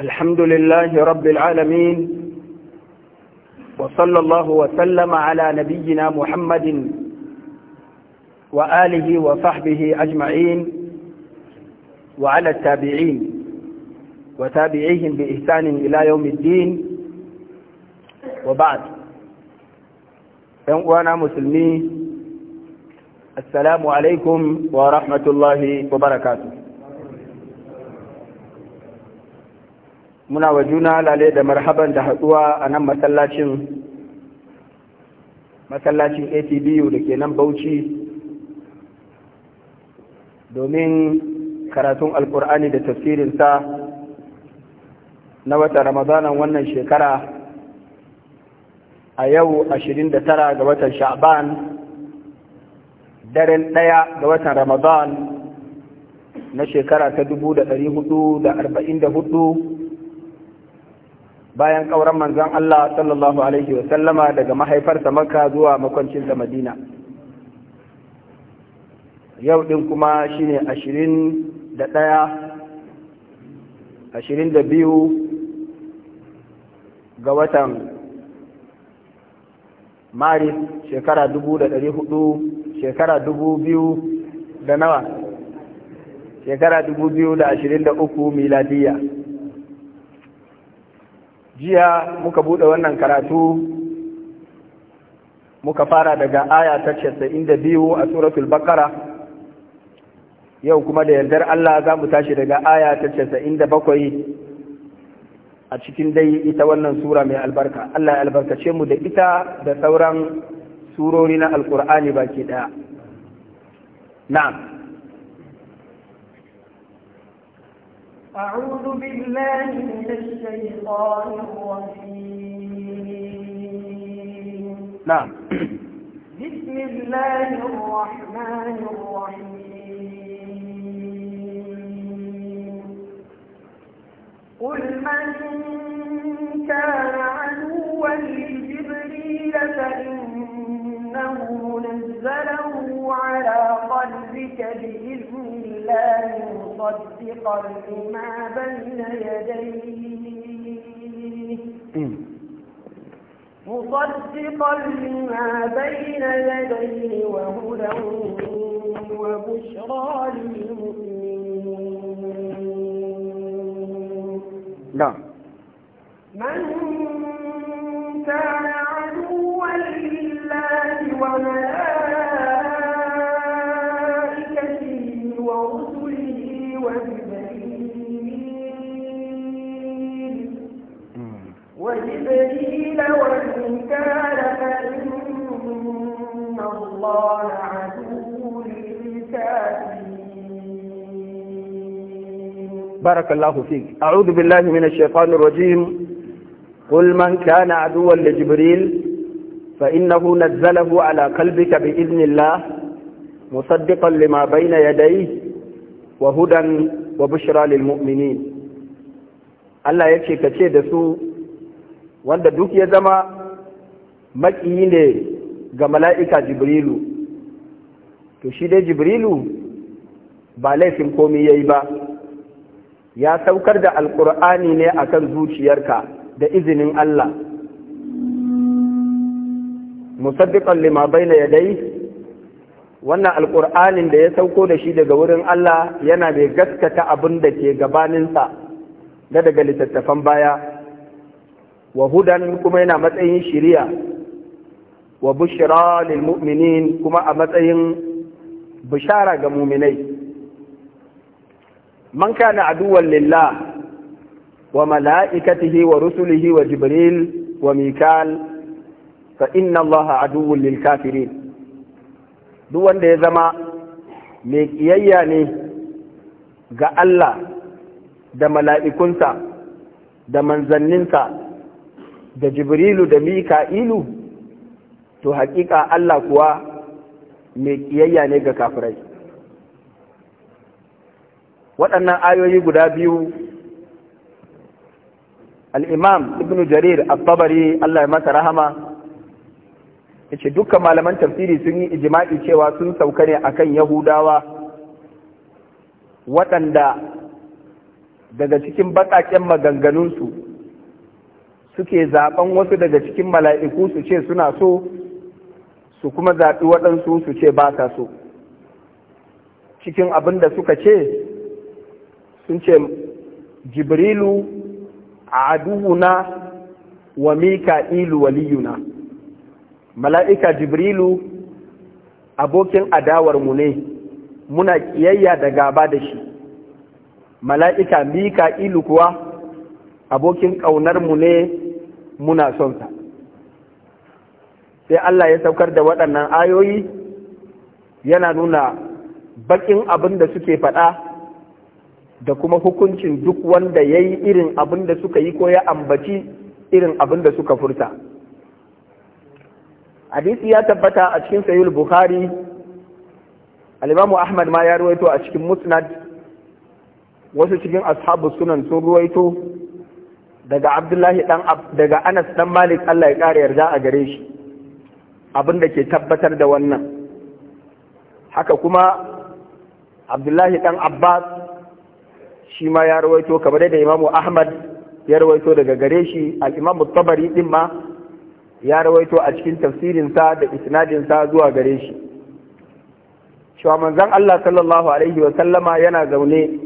الحمد لله رب العالمين وصلى الله وسلم على نبينا محمد وآله وصحبه أجمعين وعلى التابعين وتابعيهم بإحسان إلى يوم الدين وبعد أنا مسلمين السلام عليكم ورحمة الله وبركاته muna wa juna lale da marhaban da haɗuwa a nan masallacin masallacin atbu da ke nan bauchi domin karatun alkur'ani da tafsirinsa na wata ramadanan wannan shekara a yau 29 ga watan sha'ban daren ɗaya ga watan ramadan na shekara ta hudu. bayan ƙauran manzon Allah sallallahu alaihi wa sallama daga mahaifarsa Makka zuwa makwancinsa Madina yau din kuma shine 21 22 ga watan maris shekara dubu da ɗari hudu shekara dubu biyu da nawa shekara dubu biyu da ashirin da uku miladiya jiya muka buɗe wannan karatu muka fara daga aya ta casa'in a suratul bakara yau kuma da yardar Allah za mu tashi daga aya ta casa'in bakwai a cikin dai ita wannan sura mai albarka Allah ya albarkace mu da ita da sauran surori na alkur'ani baki ɗaya na'am أعوذ بالله من الشيطان الرجيم نعم بسم الله الرحمن الرحيم قل من كان عدوا لجبريل فإنه نزله على قلبك بإذن الله مصدقا لما بين يديه مصدقا لما بين يديه وهدى وبشرى للمؤمنين نعم من كان عدوا لله وملائكته بارك الله فيك أعوذ بالله من الشيطان الرجيم قل من كان عدوا لجبريل فإنه نزله على قلبك بإذن الله مصدقا لما بين يديه وهدى وبشرى للمؤمنين Allah ya ce ka ce da su wanda duk ya zama maƙiyi ne ga mala'ika Jibrilu, to shi dai Jibrilu ba laifin komi ya yi ba, ya saukar da alkur'ani ne akan zuciyarka da izinin Allah musaddiqan lima ya yadai wannan alkur'anin da ya sauko da shi daga wurin Allah yana mai gaskata abin da ke gabaninsa na daga littattafan baya wa hudan kuma yana matsayin shiriya wa bushra lil mu'minin kuma a matsayin bishara ga muminai Manka na aduwwan lillah wa mala'ikatihi wa rusulihi wa jibril wa mikal fa inna allaha aduwwun duk wanda ya zama mai kiyayya ne ga Allah da mala'ikunsa da manzanninsa da jibrilu da mika'ilu to haƙiƙa Allah kuwa mai kiyayya ne ga kafirai waɗannan ayoyi guda biyu al'imam ibn jarir al-tabari Allah ya masa rahama ya ce dukkan malaman tafsiri sun yi ijima'i cewa sun sauka ne a kan yahudawa waɗanda daga cikin baƙaƙen maganganunsu suke zaɓen wasu daga cikin mala'iku su ce suna so su kuma zaɓi waɗansu su ce ba ta so cikin abin da suka ce sun ce jibrilu aduhuna wa mika'ilu waliyuna mala'ika jibrilu abokin adawarmu ne muna kiyayya da gaba da shi mala'ika mika'ilu kuwa abokin ƙaunarmu ne muna sonsa sai Allah ya saukar da waɗannan ayoyi yana nuna baƙin abin da suke faɗa da kuma hukuncin duk wanda ya yi irin abin da suka yi ko ya ambaci irin abin da suka furta hadisi ya tabbata a cikin sayul bukhari alimamu ahmad ma ya ruwaito a cikin musnad wasu cikin ashabu sunan sun ruwaito daga abdullahi dan daga anas dan malik allah ya kare yarda a gare shi abin da ke tabbatar da wannan haka kuma abdullahi ɗan abbas shi ma ya rawaito kamar da imamu ahmad ya rawaito daga gare shi al'imamu tabari din ma ya rawaito a cikin tafsirinsa da isnadinsa zuwa gare shi cewa manzon Allah sallallahu alaihi wa sallama yana zaune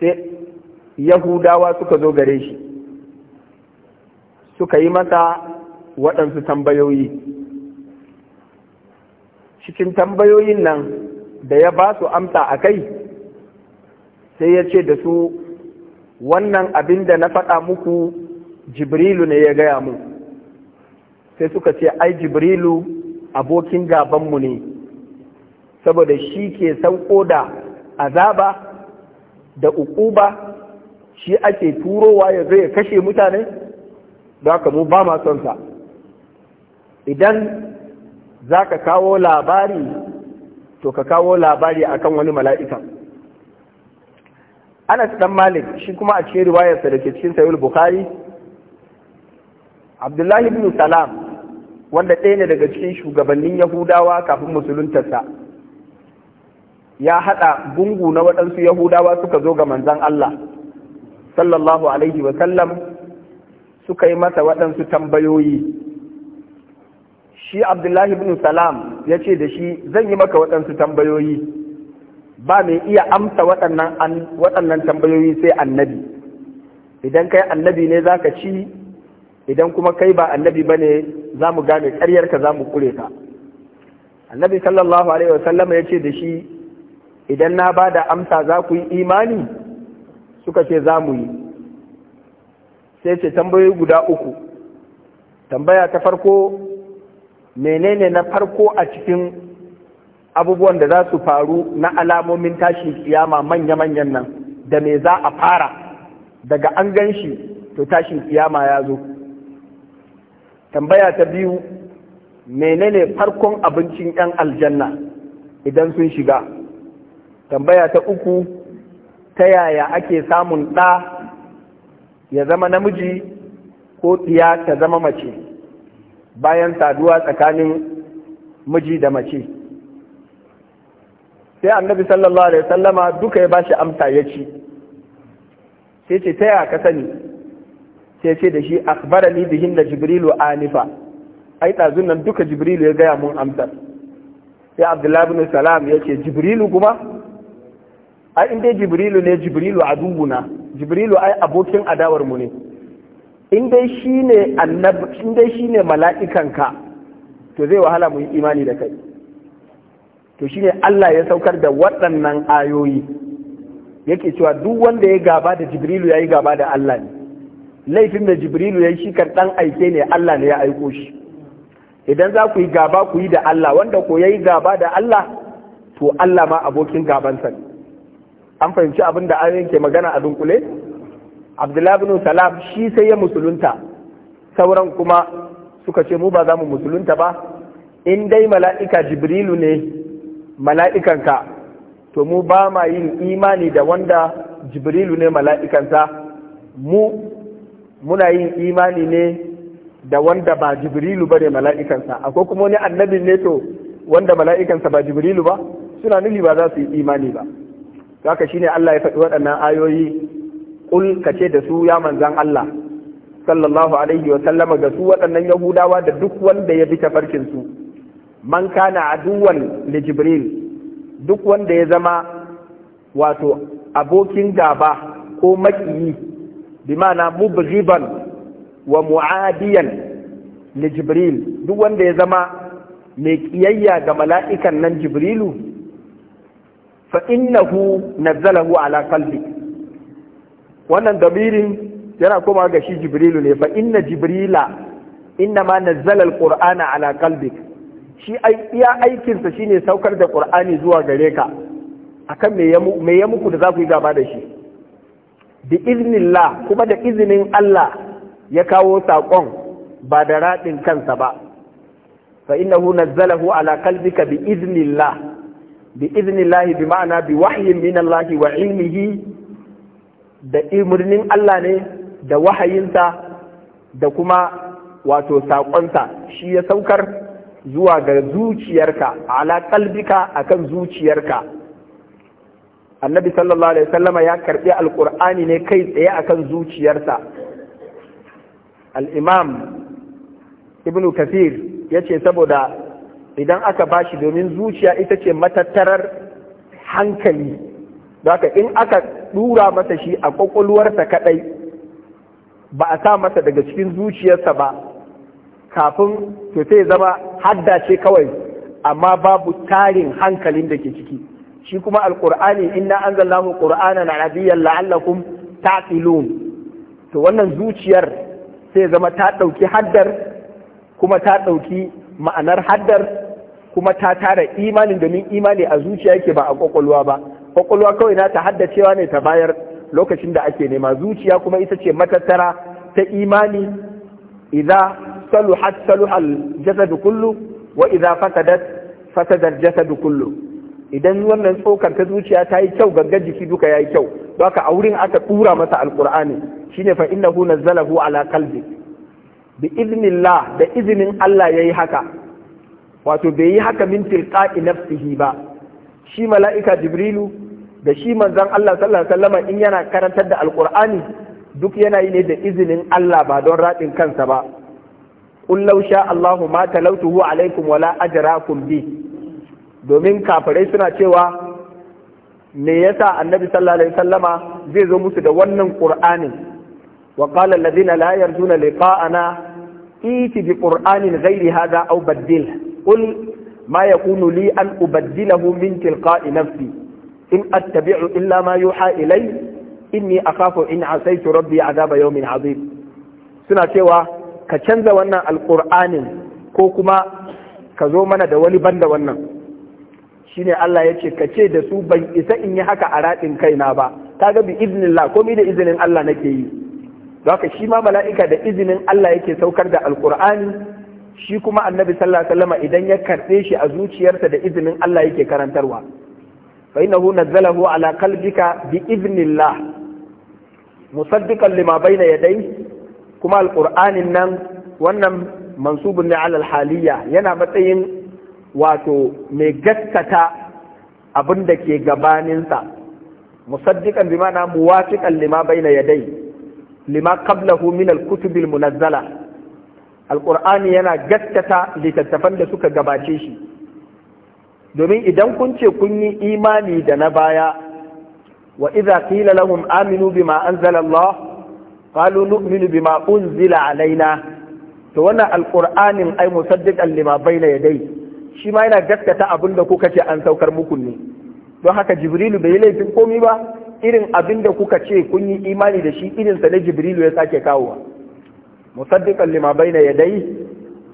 sai yahudawa suka zo gare shi suka yi masa waɗansu tambayoyi cikin tambayoyin nan da ya ba su amsa a kai sai ya ce da su wannan abin da na faɗa muku jibrilu ne ya gaya mu sai suka ce ai jibrilu abokin gabanmu ne saboda shi ke sauko da azaba da ukuba shi ake turowa ya zai kashe mutane da haka mu ba ma son sa idan za ka kawo labari to ka kawo labari akan wani mala'ika Anas dan Malik shi kuma a cikin riwayarsa da ke cikin Sahih Bukhari Abdullahi ibn Salam wanda ɗaya ne daga cikin shugabannin Yahudawa kafin musuluntarsa ya haɗa gungu na waɗansu Yahudawa suka zo ga manzon Allah sallallahu alaihi wa sallam suka yi masa waɗansu tambayoyi shi Abdullahi ibn Salam ya ce da shi zan yi maka waɗansu tambayoyi ba mai iya amsa waɗannan tambayoyi sai annabi idan kai annabi ne za ka ci idan kuma kai ba annabi ba ne za mu gane ƙaryarka za mu kure ka annabi sallallahu alaihi wasallam ya ce da shi idan na ba da amsa za ku yi imani suka ce za mu yi sai ce tambayoyi guda uku tambaya ta farko menene na farko a cikin abubuwan da za su faru na alamomin tashin kiyama manya-manyan nan da me za a fara daga an gan shi to tashin kiyama ya zo tambaya ta biyu menene farkon abincin 'yan aljanna idan sun shiga tambaya ta uku ta yaya ake samun ɗa ya zama namiji ko ɗiya ta zama mace bayan saduwa tsakanin miji da mace sai annabi sallallahu alaihi wasallama duka ya bashi amsa ya ci sai ce taya ka sani sai ce da shi akhbarani bihin da jibrilu anifa ai ɗazun nan duka jibrilu ya gaya mun amsar sai abdullahi bin salam ya ce jibrilu kuma ai in dai jibrilu ne jibrilu aduwuna jibrilu ai abokin adawar mu ne in dai shine annab shine mala'ikanka to zai wahala mu yi imani da kai to shine Allah ya saukar da waɗannan ayoyi yake cewa duk wanda ya gaba da Jibrilu ya yi gaba da Allah ne laifin da Jibrilu ya yi shi kan aike ne Allah ne ya aiko shi idan za ku yi gaba ku yi da Allah wanda ko ya yi gaba da Allah to Allah ma abokin gabansa ne an fahimci abin da ayoyin ke magana a dunkule Abdullahi bin Salam shi sai ya musulunta sauran kuma suka ce mu ba za mu musulunta ba in dai mala'ika Jibrilu ne mala'ikanka to mu ba ma yin imani da wanda jibrilu ne mala'ikansa mu muna yin imani ne da wanda ba jibrilu ba ne mala'ikansa akwai kuma wani annabin ne to wanda mala'ikansa ba jibrilu ba suna nufi ba za su yi imani ba haka shine Allah ya faɗi waɗannan ayoyi kul ka ce da su ya manzan Allah sallallahu alaihi wa sallama ga su waɗannan yahudawa da duk wanda ya bi tafarkin su man kana aduwan li jibril duk wanda ya zama wato abokin gaba ko maƙiyi bi ma'ana mubghiban wa mu'adiyan li jibril duk wanda ya zama mai kiyayya ga mala'ikan nan jibrilu fa innahu nazzalahu ala qalbi wannan damirin yana koma ga shi jibrilu ne fa inna jibrila inna ma nazzala alqur'ana ala qalbika shi iya aikinsa shine saukar da ƙur'ani zuwa gare ka akan me ya muku da za ku yi gaba da shi bi iznillah kuma da izinin Allah ya kawo saƙon ba da raɗin kansa ba fa innahu nazzalahu ala qalbika bi iznillah bi iznillah bi ma'ana bi wahyin min Allah wa ilmihi da imurnin Allah ne da wahayinsa da kuma wato saƙonsa shi ya saukar zuwa ga zuciyarka ala kalbika akan zuciyarka annabi sallallahu alaihi wasallama ya karbi alqur'ani ne kai tsaye akan zuciyarsa al-imam ibnu kathir yace saboda idan aka bashi domin zuciya ita ce matattarar hankali haka in aka dura masa shi a kwakwalwarsa kadai ba a sa masa daga cikin zuciyarsa ba kafin to sai zama hadda ce kawai amma babu tarin hankalin da ke ciki shi kuma alqur'ani inna anzalnahu qur'anan arabiyyan la'allakum taqilun to wannan zuciyar sai zama ta dauki haddar kuma ta ɗauki ma'anar haddar kuma ta tara imanin domin imani a zuciya yake ba a ƙwaƙwalwa ba ƙwaƙwalwa kawai na ta haddacewa ne ta bayar lokacin da ake nema zuciya kuma ita ce matattara ta imani idza saluhat saluhal jasadu kullu wa idza fasadat fasadar jasadu kullu idan wannan tsokar ta zuciya ta yi kyau gangan jiki duka ya yi kyau don a wurin aka tura masa alkur'ani shine fa innahu nazzalahu ala qalbi bi iznillah da izinin Allah yayi haka wato bai yi haka min tilqa'i nafsihi ba shi mala'ika jibrilu da shi manzon Allah sallallahu alaihi wasallam in yana karantar da alkur'ani duk yana yi ne da izinin Allah ba don radin kansa ba qul lausha sha Allahu ma talautuhu alaikum wala ajrakum bi domin kafirai suna cewa me yasa annabi sallallahu alaihi wasallama zai zo musu da wannan qur'anin wa qala alladhina la yarjuna liqa'ana iti bi qur'anin ghairi hadha aw baddil qul ma yakunu li an ubaddilahu min tilqa'i nafsi in attabi'u illa ma yuha ilay inni akhafu in asaitu rabbi azaba yawmin Habib, suna cewa ka canza wannan alƙur'anin ko kuma ka zo mana da wani banda wannan shine Allah ya ce ka ce da su ban isa in yi haka a raɗin kaina ba ta ga bi la komi da izinin Allah nake yi ka shi ma mala'ika da izinin Allah yake saukar da alƙur'ani shi kuma annabi sallallahu idan ya karɓe shi a zuciyarsa da izinin Allah yake karantarwa fa innahu nazzalahu ala qalbika bi iznillah musaddiqan lima bayna yadayhi kuma alƙur'anin nan wannan mansubun ne alal haliya yana matsayin wato mai gaskata abin da ke gabaninsa musaddiqan bima na muwafiqan lima baina yadai lima qablahu min al-kutub al-munazzala alqur'ani yana gaskata littattafan da suka gabace shi domin idan kun ce kun yi imani da na baya wa idza qila lahum aminu bima anzala Allah qalu nu'minu bima unzila alaina to wannan alqur'anin ai musaddiqan lima bayna yadai shi ma yana gaskata abin da kuka ce an saukar muku ne don haka jibrilu bai yi laifin komi ba irin abin da kuka ce kun yi imani da shi irinsa na jibrilu ya sake kawowa musaddiqan lima bayna yadai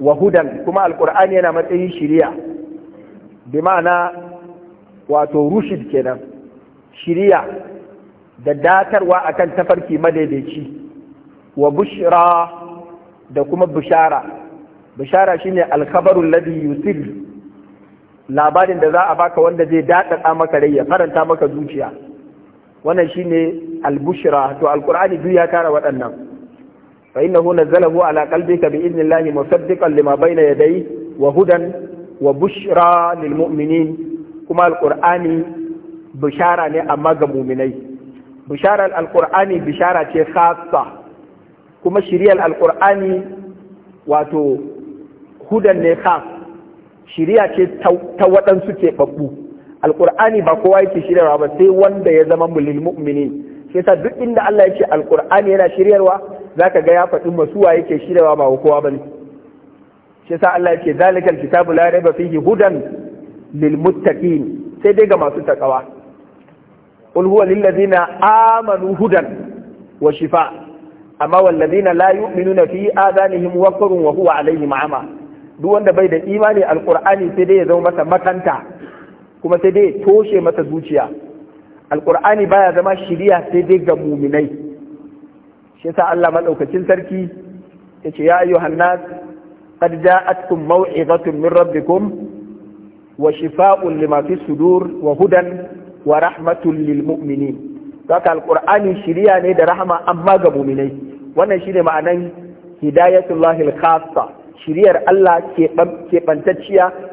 wa hudan kuma alqur'ani yana matsayin shiriya bi ma'ana wato rushid kenan shiriya da datarwa akan tafarki madaidaici wa Bushira da kuma bishara bishara shine alkhabaru ladhi yusir labarin da za a baka wanda zai dadada maka rai ya faranta maka zuciya wannan shine albushra to alqur'ani duk ya kara waɗannan fa innahu nazzalahu ala qalbika bi idnillahi musaddiqan lima bayna yadayhi wa hudan wa bushra lil mu'minin kuma alqur'ani bishara ne amma ga mu'minai bishara alqur'ani bishara ce khassa kuma shiriyar alkur'ani wato hudan ne khas shiriya ce ta waɗansu ke babbu alkur'ani ba kowa yake shiryarwa ba sai wanda ya zama mulil mu'minin shi yasa duk inda Allah ya ce alkur'ani yana shiryarwa zaka ga ya faɗi masuwa yake shiryarwa ba kowa bane shi yasa Allah ya ce zalikal kitabu la raiba fihi hudan lil muttaqin sai dai ga masu takawa qul huwa lil ladina amanu hudan wa shifa amma wallazina la yu'minuna fi adanihim waqrun wa huwa alaihim ama duk wanda bai da imani alqur'ani sai dai ya zama masa makanta kuma sai dai toshe masa zuciya alqur'ani baya zama shiriya sai dai ga muminai shi yasa Allah madaukakin sarki yace ya ayyuhan nas qad ja'atkum maw'izatun min rabbikum wa shifaa'un lima fi sudur wa hudan wa rahmatun lil mu'minin haka Alƙur'ani shiriya ne da rahama amma ga mu'minai wannan shi ne ma'anan hidayatullahil khassa shiriyar Allah ke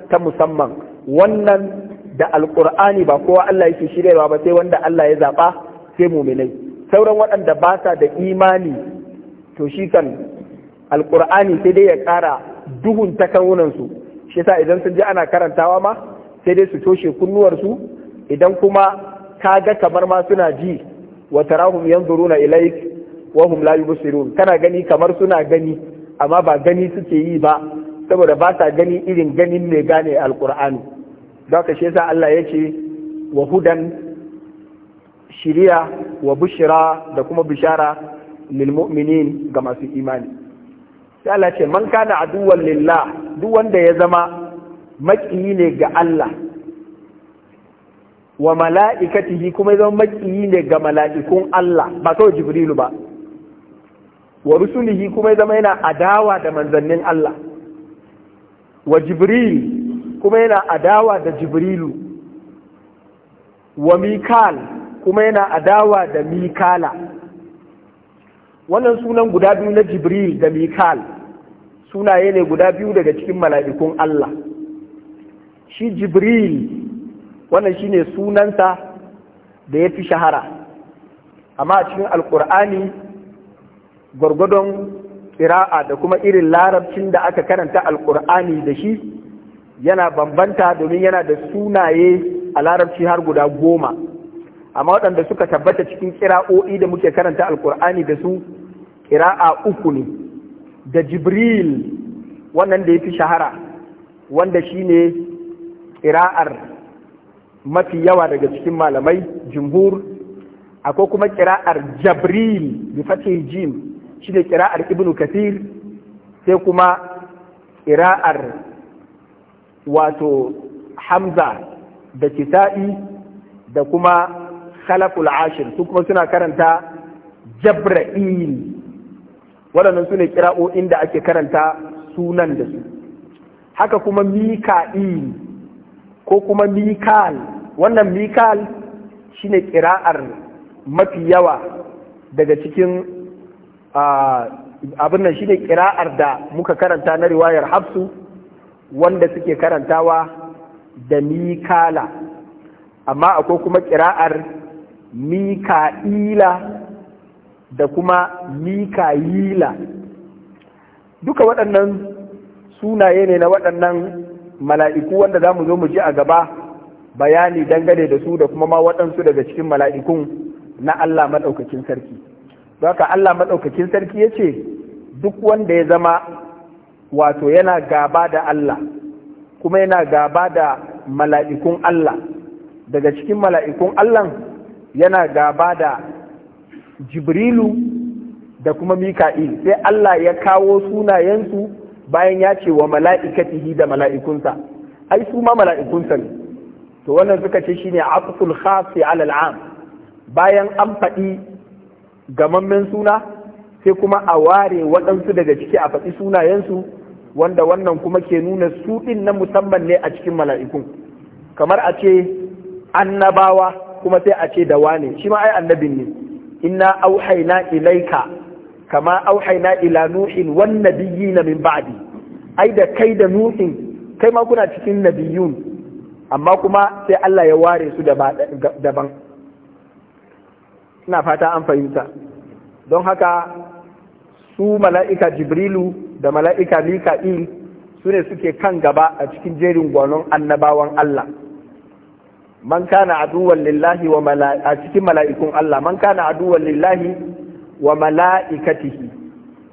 ta musamman wannan da Alƙur'ani ba kowa Allah yake shiryarwa ba sai wanda Allah ya zaɓa sai mu'minai sauran waɗanda ba sa da imani to shi kan Alƙur'ani sai dai ya ƙara duhun kawunansu shi sa idan sun ji ana karantawa ma sai dai su toshe kunnuwarsu idan kuma Ka ga kamar ma suna ji wa tarahum yanzuruna ilaik wa hum la yubsirun kana gani kamar suna gani amma ba gani suke yi ba saboda ba sa gani irin ganin mai gane alqur'ani don ka shi Allah ya ce wa hudan shiriya wa bushira da kuma bishara lil mu'minin ga masu imani sai Allah ce man kana aduwwan lillah duk wanda ya zama maƙiyi ne ga Allah wa mala'ikatihi kuma ya zama makiyi ne ga mala'ikun Allah ba kawai Jibrilu ba wa rusulihi kuma zama yana adawa da manzannin Allah wa Jibril kuma yana adawa da Jibrilu wa Mikal kuma yana adawa da Mikala wannan sunan guda biyu na Jibril da Mikal sunaye ne guda biyu daga cikin mala'ikun Allah shi Jibril wannan shine sunansa da ya fi shahara amma a cikin alkur'ani gwargwadon ƙira'a da kuma irin larabcin da aka karanta alkur'ani da shi yana bambanta domin yana da sunaye a larabci har guda goma amma waɗanda suka tabbata cikin ƙira'o'i da muke karanta alkur'ani da su ƙira'a uku ne da jibril wannan da ya fi shahara wanda shine ƙira'ar mafi yawa daga cikin malamai jumhur akwai kuma kira'ar jabril bi fatih jim shi ne kira'ar ibnu kathir sai kuma kira'ar wato hamza da kita'i da kuma khalaful ashir su kuma suna karanta jabra'il waɗannan su ne kira'o'in da ake karanta sunan da su haka kuma mika'il ko kuma mikal wannan mikal shine kira'ar mafi yawa daga cikin abin nan shine kira'ar da muka karanta na riwayar hafsu wanda suke karantawa da mikala amma akwai kuma kira'ar mika'ila da kuma mika'ila. duka waɗannan sunaye ne na waɗannan mala'iku wanda za mu zo mu ji a gaba bayani dangane da su da kuma ma waɗansu daga cikin mala'ikun na Allah maɗaukakin sarki ka Allah maɗaukakin sarki ya ce duk wanda ya zama wato yana gaba da Allah kuma yana gaba da mala'ikun Allah daga cikin mala'ikun Allah yana gaba da jibrilu da kuma mika'il sai Allah ya kawo sunayensu bayan ya ce wa mala'ikatihi da mala'ikunsa ai su ma mala'ikunsa ne to wannan suka ce shine aqsul khasi ala al'am bayan an faɗi gamammen suna sai kuma a ware waɗansu daga ciki a faɗi sunayensu wanda wannan kuma ke nuna su ɗin na musamman ne a cikin mala'ikun kamar a ce annabawa kuma sai a ce da wane shi ma ai annabin ne inna auhaina ilaika kama auhayna ila nuhin wan nabiyina min ba'di ai da kai da nuhin kai ma kuna cikin nabiyun amma kuma sai Allah ya ware su daban ina fata an fahimta don haka su mala'ika jibrilu da mala'ika mika'il su ne suke kan gaba a cikin jerin gwanon annabawan Allah man kana aduwan lillahi wa a cikin mala'ikun Allah man kana aduwan lillahi wa mala'ikatihi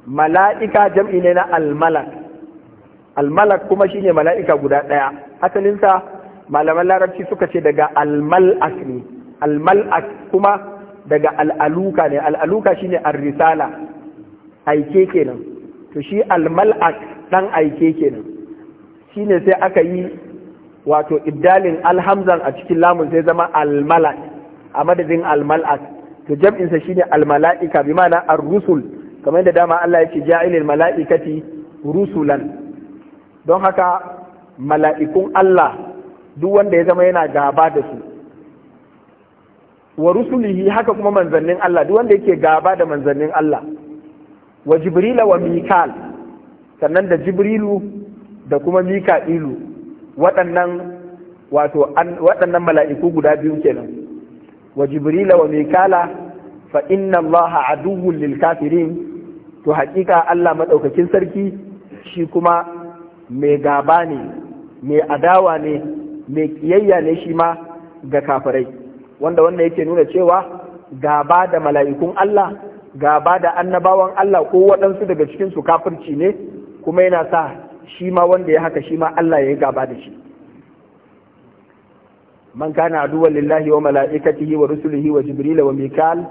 mala'ika jam'i ne na almalak almalak kuma shine mala'ika guda ɗaya asalinsa malaman larabci suka ce daga almal'ak ne almal'ak kuma daga al'aluka ne al'aluka shine an risala aike kenan to shi almal'ak ɗan aike kenan ne sai aka yi wato iddalin alhamzan a cikin lamun sai zama almalak a madadin almalak to jam'insa shi shine almala'ika bi mana ar-rusul kamar yadda dama Allah ya ce ja'ilil mala'ikati rusulan don haka mala'ikun Allah duk wanda ya zama yana gaba da su wa rusulihi haka kuma manzannin Allah duk wanda yake gaba da manzannin Allah wa jibrila wa mikal sannan da jibrilu da kuma mika'ilu waɗannan wato waɗannan mala'iku guda biyu kenan wa jibrila wa mikala fa inna allaha aduwwun lil kafirin to haƙiƙa Allah maɗaukakin sarki shi kuma mai gaba ne mai adawa ne mai kiyayya ne shi ma ga kafirai wanda wannan yake nuna cewa gaba da mala'ikun Allah gaba da annabawan Allah ko waɗansu daga cikin su kafirci ne kuma yana sa shi ma wanda ya haka shi ma Allah ya yi gaba da shi man kana aduwwan lillahi wa mala'ikatihi wa rusulihi wa jibril wa mikal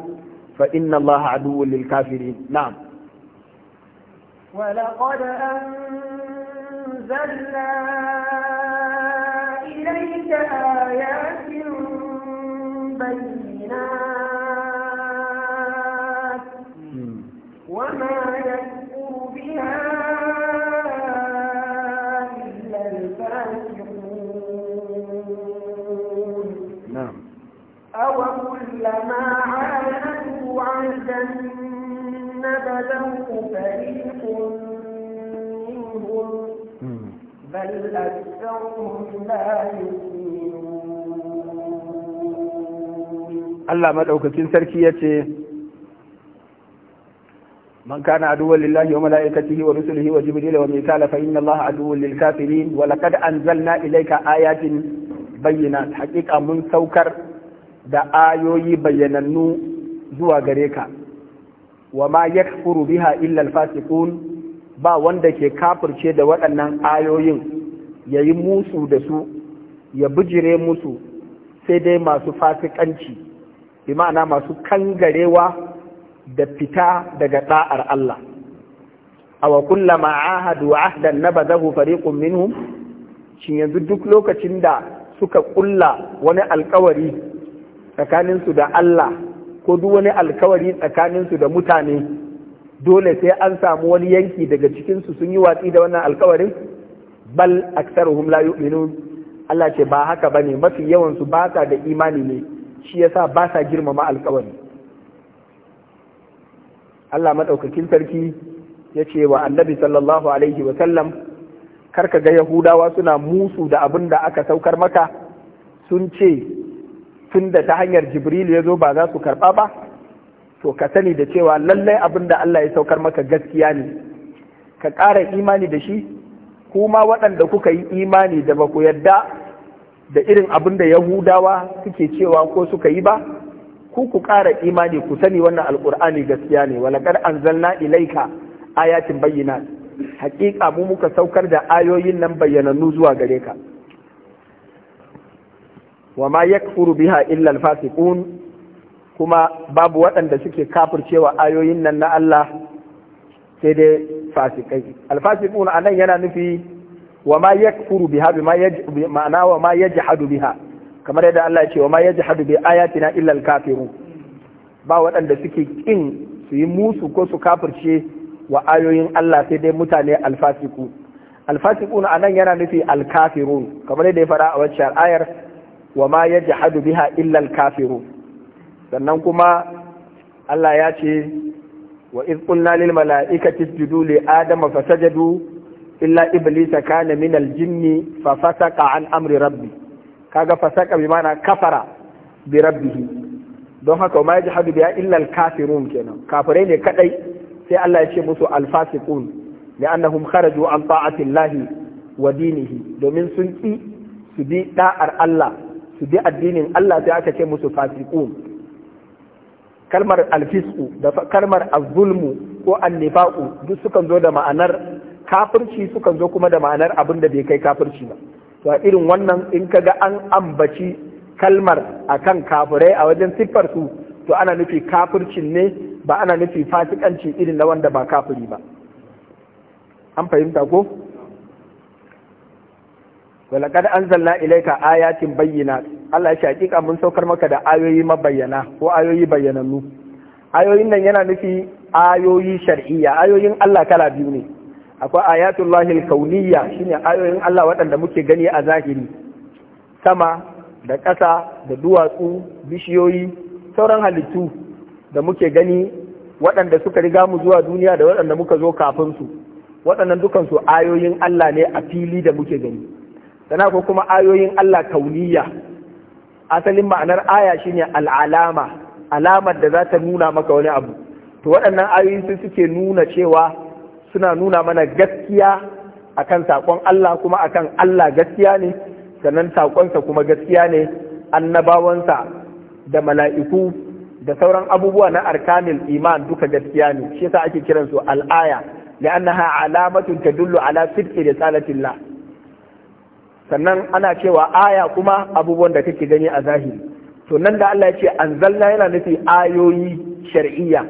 fa inna Allah aduwwan lil kafirin na'am laqad anzalna آيات بينات وما يكفر بها إلا الفاسقون نعم أو كلما عاهدوا عهدا نبذوه فريق منهم بل أكثرهم لا يؤمنون Allah madaukakin sarki yace man kana aduwwan lillahi wa malaikatihi wa rusulihi wa jibril wa mikala fa inna Allah aduwwun lil kafirin wa laqad anzalna ilayka ayatin bayyinat haqiqa mun saukar da ayoyi bayyanannu zuwa gare ka wa ma yakfuru biha illa al fasiqun ba wanda ke kafirce da waɗannan ayoyin yayi musu da su ya bijire musu sai dai masu fasikanci Imana masu kangarewa da fita daga ɗa'ar Allah awa kullama ahadu ahdan nabadahu fariqun minhum shin yanzu duk lokacin da suka ƙulla wani alkawari tsakaninsu da Allah ko duk wani alkawari tsakaninsu da mutane dole sai an samu wani yanki daga cikinsu sun yi watsi da wannan alkawarin bal aktsaruhum la yu'minun Allah ce ba haka bane mafi yawan su ba da imani ne shi yasa ba sa girmama alkawari Allah maɗaukakin sarki ya ce wa annabi sallallahu alaihi wasallam karka ga yahudawa suna musu da abin da aka saukar maka sun ce tun da ta hanyar jibril ya zo ba za su karɓa ba to ka sani da cewa lallai abin da Allah ya saukar maka gaskiya ne ka ƙara imani da shi kuma waɗanda kuka yi imani da ba ku yadda da irin abin da yahudawa suke cewa ko suka yi ba ku ku ƙara imani ku sani wannan alƙur'ani gaskiya ne an zanna ilaika ayatin bayyana hakika mu muka saukar da ayoyin nan bayyanannu zuwa gare ka wa ma yakfuru biha illa alfasiqun kuma babu waɗanda suke kafircewa ayoyin nan na Allah sai dai fasikai a nan yana nufi wa ma yakfuru biha bima ma'ana wa ma yajhadu biha kamar yadda Allah ya ce wa ma yajhadu bi ayatina illa al-kafirun ba waɗanda suke kin su yi musu ko su kafirce wa ayoyin Allah sai dai mutane alfasiku na anan yana nufi alkafirun kamar yadda ya fara a wacce ayar wa ma yajhadu biha illa al sannan kuma Allah ya ce wa idh qulna lil mala'ikati isjudu li adama fasajadu illa iblisa kana min aljinni fa fasaqa an amri rabbi kaga fasaqa bi mana kafara bi rabbihi don haka ma yajhadu biya illa alkafirun kenan kafirai ne kadai sai Allah ya ce musu alfasiqun li'annahum kharaju an ta'ati llahi wa dinihi domin sun ki su bi da'ar Allah su bi addinin Allah sai aka ce musu fasiqun kalmar alfisku da kalmar azulmu ko annifaku duk sukan zo da ma'anar kafirci sukan zo kuma da ma'anar abin da bai kai kafirci ba to a irin wannan in ka ga an ambaci kalmar a kan kafirai a wajen siffarsu su to ana nufi kafircin ne ba ana nufi fasikanci irin na wanda ba kafiri ba an fahimta ko walaqad anzalna ilaika ayatin bayyana Allah ya ce mun saukar maka da ayoyi mabayyana ko ayoyi bayyanannu ayoyin nan yana nufi ayoyi shar'iyya ayoyin Allah kala biyu ne akwai lahil Kauniya shine ayoyin Allah waɗanda muke gani a zahiri sama da ƙasa da duwatsu bishiyoyi sauran halittu da muke gani waɗanda suka riga mu zuwa duniya da waɗanda muka zo kafin su waɗannan dukansu ayoyin Allah ne a fili da muke gani sana ko kuma ayoyin Allah Kauniya asalin ma'anar aya shine al'alama alamar da za ta nuna maka wani abu to waɗannan ayoyin sun suke nuna cewa suna nuna mana gaskiya akan saƙon Allah kuma akan Allah gaskiya ne sannan saƙonsa kuma gaskiya ne annabawansa da mala'iku da sauran abubuwa na arkanin iman duka gaskiya ne shi yasa ake kiransu al'aya li'annaha alamatun tadullu ala sidqi risalatillah sannan ana cewa aya kuma abubuwan da kake gani a zahiri to nan da Allah ya ce anzalna yana nufi ayoyi shar'iyya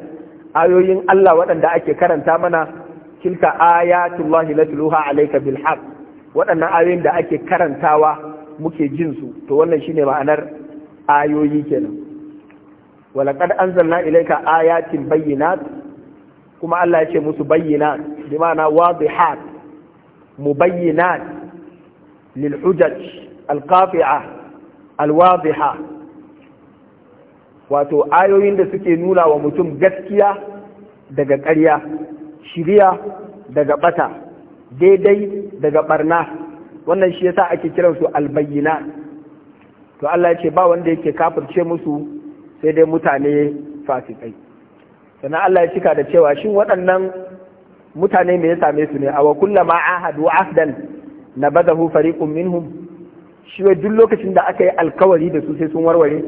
ayoyin Allah waɗanda ake karanta mana tilka ayatullahi natluha alayka bil haqq waɗannan ayoyin da ake karantawa muke jin su to wannan shine ma'anar ayoyi kenan walaqad anzalna ilayka ayatin bayyinat kuma Allah ya ce musu bayyinat bi ma'ana wadihat mubayyinat lil hujaj al qati'a al wadiha wato ayoyin da suke nuna wa mutum gaskiya daga ƙarya shirya daga bata daidai daga barna wannan shi yasa ake kiransu albayyina to Allah ya ce ba wanda yake kafirce musu sai dai mutane fasikai sannan Allah ya cika da cewa shin waɗannan mutane me ya same su ne awa kullama ahadu afdan nabadahu fariqun minhum shi wai duk lokacin da aka yi alkawari da su sai sun warware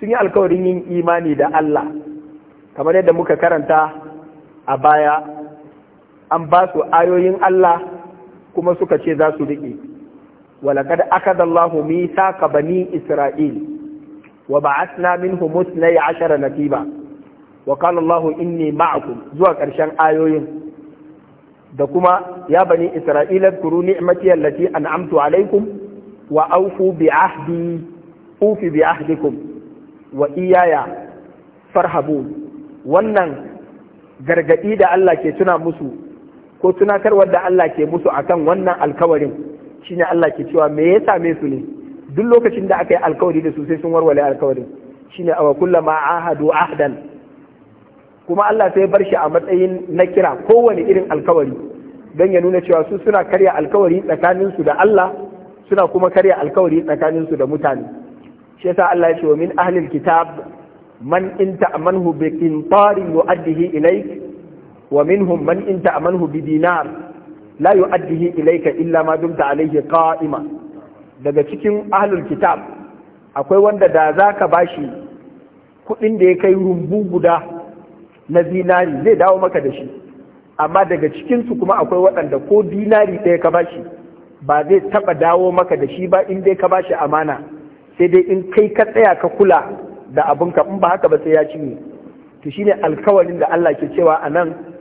sun yi alkawarin yin imani da Allah kamar yadda muka karanta a baya an basu ayoyin Allah kuma suka ce za su riƙe walaqad akada Allahu mithaqa bani Isra'il wa ba'athna minhum 12 natiba wa qala Allahu inni ma'akum zuwa ƙarshen ayoyin da kuma ya bani Isra'ila kuru ni'mati allati an'amtu alaikum wa awfu bi ahdi ufi bi ahdikum wa iyaya farhabun wannan gargadi da Allah ke tuna musu ko tunatarwar da Allah ke musu akan wannan alkawarin shine Allah ke cewa me ya same su ne duk lokacin da aka yi alkawari da su sun warware alkawarin shine awa ma ahadu ahdan kuma Allah sai bar shi a matsayin na kira kowane irin alkawari don ya nuna cewa su suna karya alkawari tsakaninsu da Allah suna kuma karya alkawari tsakaninsu da mutane shi yasa Allah ya ce wa min ahlil kitab man in ta'manhu bi qintarin yu'addihi ilayk wa من إن تأمنه بدينار bi dinar إليك إلا ما illa ma dumta alayhi qa'ima daga cikin ahlul kitab akwai wanda da zaka bashi kuɗin da ya kai rumbu guda na zinari zai dawo maka da shi amma daga cikinsu kuma akwai waɗanda ko dinari ɗaya ka bashi ba zai taba dawo maka da shi ba in dai ka bashi amana sai dai in kai ka tsaya ka kula da abinka in ba haka ba sai ya cinye to shine alkawarin da Allah ke cewa a nan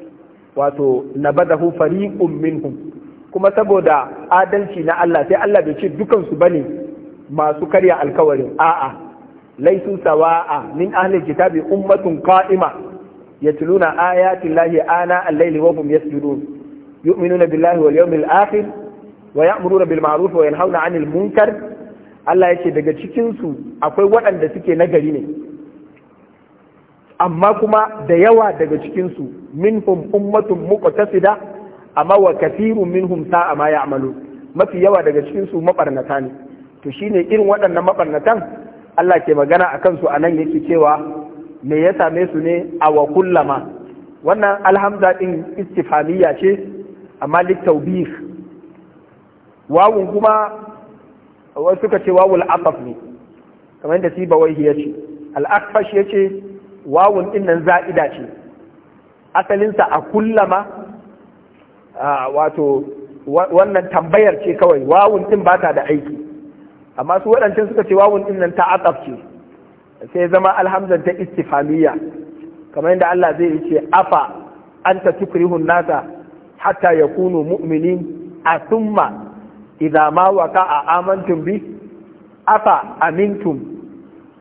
wato nabadahu fariqun minhum kuma saboda adalci na Allah sai Allah bai ce dukansu ba bane masu karya alkawarin a'a laisu sawa'a min ahli kitabi ummatun qa'ima yatluna ayati llahi ana al-layli wa hum yasjudun yu'minuna billahi wal yawmil akhir wa ya'muruna bil ma'ruf wa yanhauna 'anil munkar Allah yace daga cikin su akwai waɗanda suke nagari ne amma kuma da yawa daga cikinsu minhum ummatun muqtasida amma wa kathirun minhum sa'a ma ya'malu mafi yawa daga cikinsu mabarnata ne to shine irin waɗannan mabarnatan Allah ke magana a kansu a nan yake cewa me ya same su ne a wa kullama wannan alhamza din istifhamiyya ce amma littaubih wawun kuma wasu suka ce wawul aqaf kamar yadda sibawai ya ce al-aqfash ya ce wawun din nan za'ida ce asalinsa a kullama wato wannan tambayar ce kawai wawun din ba ta da aiki amma su waɗancan suka ce wawun din nan ta atsaf ce sai zama alhamdan ta istifamiya kamar yadda Allah zai ce afa anta tukrihun nasa hatta yakunu mu'minin a summa idza ma waqa'a amantum bi afa amintum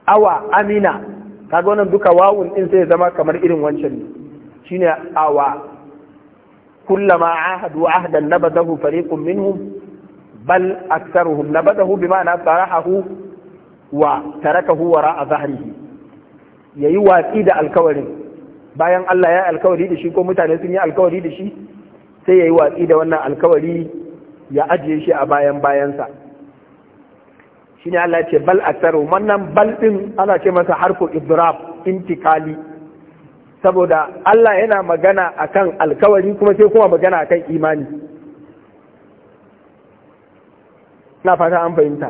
awa amina kaga wannan duka wawun din sai zama kamar irin wancan ne shine awa kullama ahadu ahdan nabadahu fariqun minhum bal aktharuhum nabadahu bima'ana sarahahu wa tarakahu wara'a zahrihi yayi watsi da alkawarin bayan Allah ya alkawari da shi ko mutane sun yi alkawari da shi sai yayi watsi da wannan alkawari ya ajiye shi a bayan bayansa Shin Allah ce bal a tsaro, wannan bal ɗin ana ce masa harko idrab intikali saboda Allah yana magana akan alkawari kuma sai kuma magana akan imani na fata an fahimta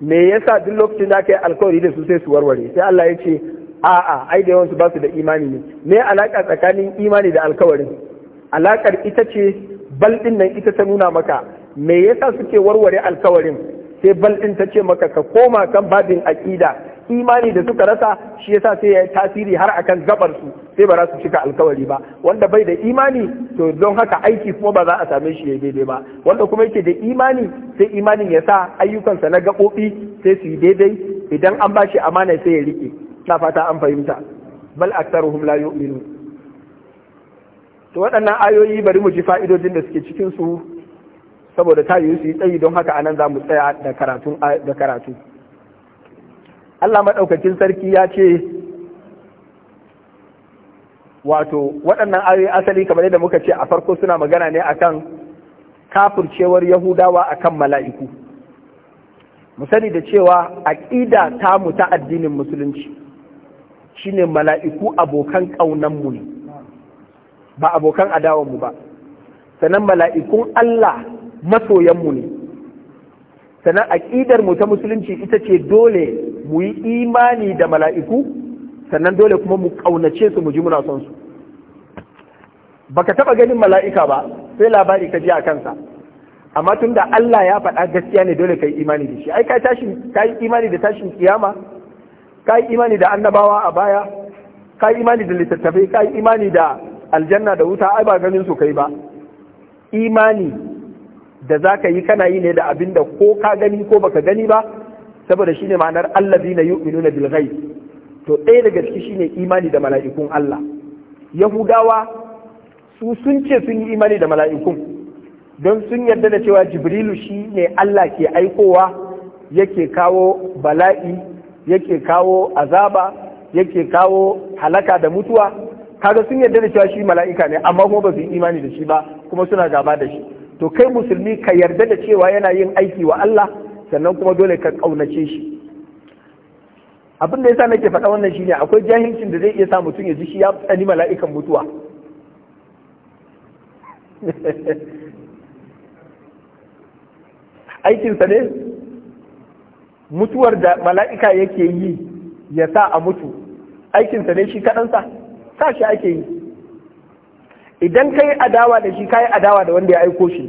me yasa duk lokacin da aka yi alkawari da su sai su warware sai Allah ya ce a'a ai da yawansu ba su da imani ne me alaƙa tsakanin imani da alkawarin Alaƙar ita ce bal ɗin nan ita ta nuna maka me yasa suke warware alkawarin sai bal ɗin ta ce maka ka koma kan babin aƙida imani da suka rasa shi yasa sai ya yi tasiri har akan gabar su sai ba za su cika alkawari ba wanda bai da imani to don haka aiki kuma ba za a same shi ya daidai ba wanda kuma yake da imani sai imanin ya sa ayyukansa na gaɓoɓi sai su yi daidai idan an ba shi amana sai ya riƙe na fata an fahimta bal aktaruhum la yu'minun to waɗannan ayoyi bari mu ji fa'idojin da suke cikin su saboda ta yiwu su yi tsayi don haka anan za mu tsaya da karatu da karatu Allah maɗaukakin sarki ya ce wato waɗannan ayoyi asali kamar yadda muka ce a farko suna magana ne akan kafircewar yahudawa akan mala'iku mu sani da cewa aƙida tamu ta addinin musulunci shine mala'iku abokan ƙaunanmu ne ba abokan adawanmu ba sannan mala'ikun Allah masoyanmu ne sannan aƙidar mu ta musulunci ita ce dole mu yi imani da mala'iku sannan dole kuma mu ƙaunace su mu ji muna son su baka taɓa ganin mala'ika ba sai labari ka ji a kansa amma tun da Allah ya faɗa gaskiya ne dole ka yi imani da shi ai ka yi imani da tashin kiyama ka yi imani da annabawa a baya ka yi imani da littattafai ka yi imani da aljanna da wuta ai ba ganin su kai ba imani da za ka yi kana yi ne da abin da ko ka gani ko baka gani ba saboda shine ma'anar na yu'minuna na ghaib to ɗaya daga ciki shine imani da mala'ikun Allah yahudawa su sun ce sun yi imani da mala'ikun don sun yarda da cewa jibrilu shi ne Allah ke aikowa yake kawo bala'i yake kawo azaba yake kawo halaka da mutuwa kaga sun yarda da cewa shi mala'ika ne amma kuma ba su yi imani da shi ba kuma suna gaba da shi to kai musulmi ka yarda da cewa yana yin aiki wa Allah sannan kuma dole ka kaunace shi abin da yasa nake faɗa wannan shine akwai jahilcin da zai iya sa mutum ya ji shi ya tsani mala'ikan mutuwa aikinsa ne mutuwar da mala'ika yake yi ya sa a mutu aikinsa ne shi kaɗansa sa shi ake yi idan ka yi adawa da shi ka yi adawa da wanda ya aiko shi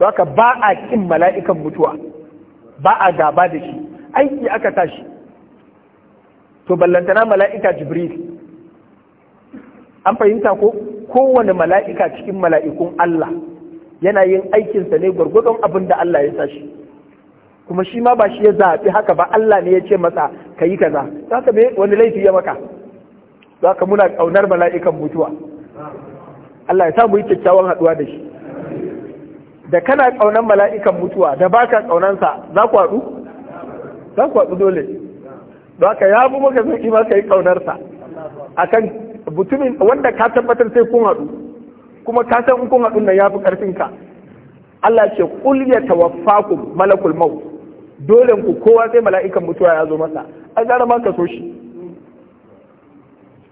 haka ba a kin mala'ikan mutuwa ba a gaba da shi aiki aka tashi to ballantana mala'ika jibril an fahimta ko kowane mala'ika cikin mala'ikun Allah yana yin aikinsa ne gwargwadon abin da Allah ya tashi kuma shi ma ba shi ya zaɓi haka ba Allah ne ya ce masa ka yi kaza za ka wani laifi ya maka za ka muna ƙaunar mala'ikan mutuwa Allah ya samu yi kyakkyawan haɗuwa da shi da kana ƙaunar mala'ikan mutuwa da baka ƙaunansa za ku haɗu za ku haɗu dole ba haka ya fi maka zuki ma ka yi ƙaunarsa kan mutumin wanda ka tabbatar sai kun haɗu kuma ka san kun haɗu nan ya fi ƙarfinka Allah ce kul ya ku malakul maut dole ku kowa sai mala'ikan mutuwa ya zo masa an gara ma ka so shi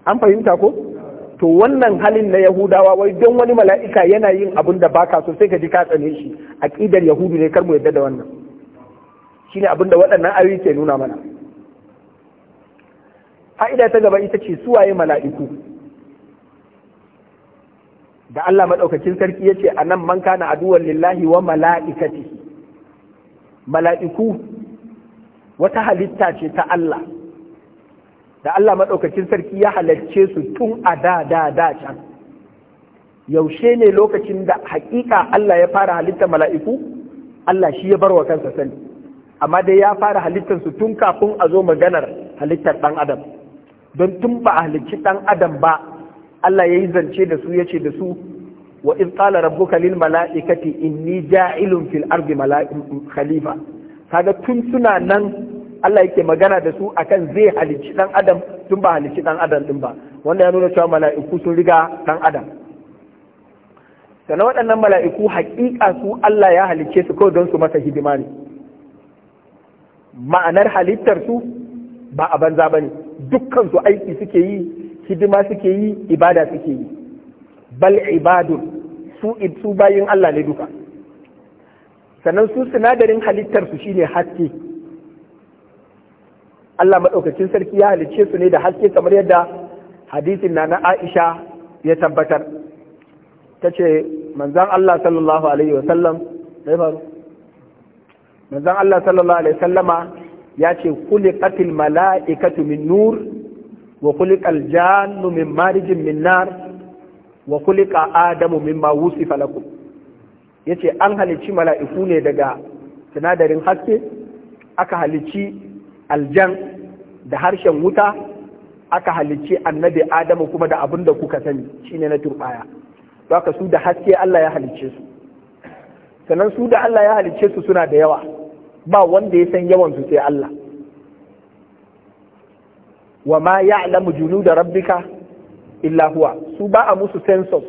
an fahimta ko to wannan halin na yahudawa wai don wani mala'ika yana yin abin da baka so sai ka ji ka tsane shi aqidar yahudu ne kar mu yadda da wannan shine abin da waɗannan ayoyi ke nuna mana fa'ida ta gaba ita ce suwaye mala'iku da Allah maɗaukakin sarki ya ce a nan man kana aduwan lillahi wa mala'ikatihi mala'iku wata halitta ce ta Allah da Allah maɗaukacin sarki ya halarce su tun a da da da can yaushe ne lokacin da haƙiƙa Allah ya fara halitta mala'iku Allah shi ya bar wa kansa sani amma dai ya fara halittar su tun kafin a zo maganar halittar ɗan adam don tun ba a halicci ɗan adam ba Allah ya yi zance da su ya ce da su wa in qala rabu lil mala'ikati ni ja'ilun fil ardi khalifa kaga tun suna nan Allah yake magana da su akan zai halicci dan adam tun ba halicci dan adam din ba wanda ya nuna cewa mala'iku sun riga ɗan adam sannan waɗannan mala'iku haƙiƙa su Allah ya halicce su kawai don su masa hidima ne ma'anar halittarsu su ba a banza ba ne dukkan aiki suke yi hidima suke yi ibada suke yi bal ibadun su su bayin Allah ne duka sannan su sinadarin halittarsu su shine haske Allah maɗaukakin sarki ya halicce su ne da haske kamar yadda hadisin na na Aisha ya tabbatar ta ce manzan Allah sallallahu alaihi wa sallam sai faru manzan Allah sallallahu alaihi wasallama ya ce kuli khuliqatil mala'ikatu min nur wa kuli ƙaljanu min marijin min nar wa kuli ka adamu wusi falaku. Ya ce an halicci mala'iku ne daga sinadarin haske aka halicci aljan da harshen wuta aka halicci annabi adamu kuma da abin da kuka sani shine na turbaya haka su da haske Allah ya halicce su sannan su da Allah ya halicce su suna da yawa ba wanda ya san yawan su sai Allah wa ma ya'lamu junuda rabbika illa huwa su ba a musu census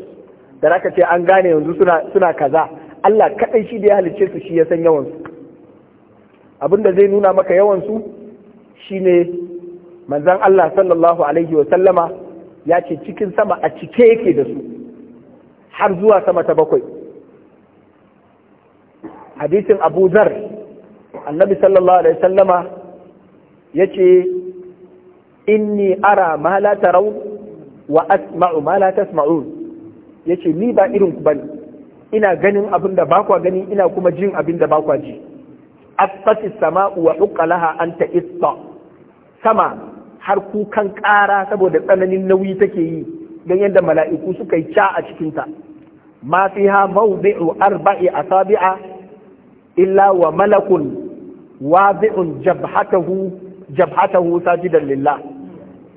da raka ce an gane yanzu suna suna kaza Allah kadai shi da ya halicce su shi ya san yawan su abinda zai nuna maka yawan su shine manzan Allah sallallahu alaihi wa sallama ya ce cikin sama a cike yake da su har zuwa sama ta bakwai hadisin Abu Zar annabi sallallahu alaihi wa sallama in inni ara ma la taraw wa asma'u ma la ya ce ni ba irin ku bane ina ganin abin da bakwa gani ina kuma jin abin da bakwa ji asfati sama'u wa uqalaha anta ista sama har kukan ƙara saboda tsananin nauyi take yi don yadda mala'iku suka yi ca a cikinta ma fi ha mawdi'u arba'i Sabi'a illa wa malakun wazi'un jabhatahu jabhatahu sajidan lilla.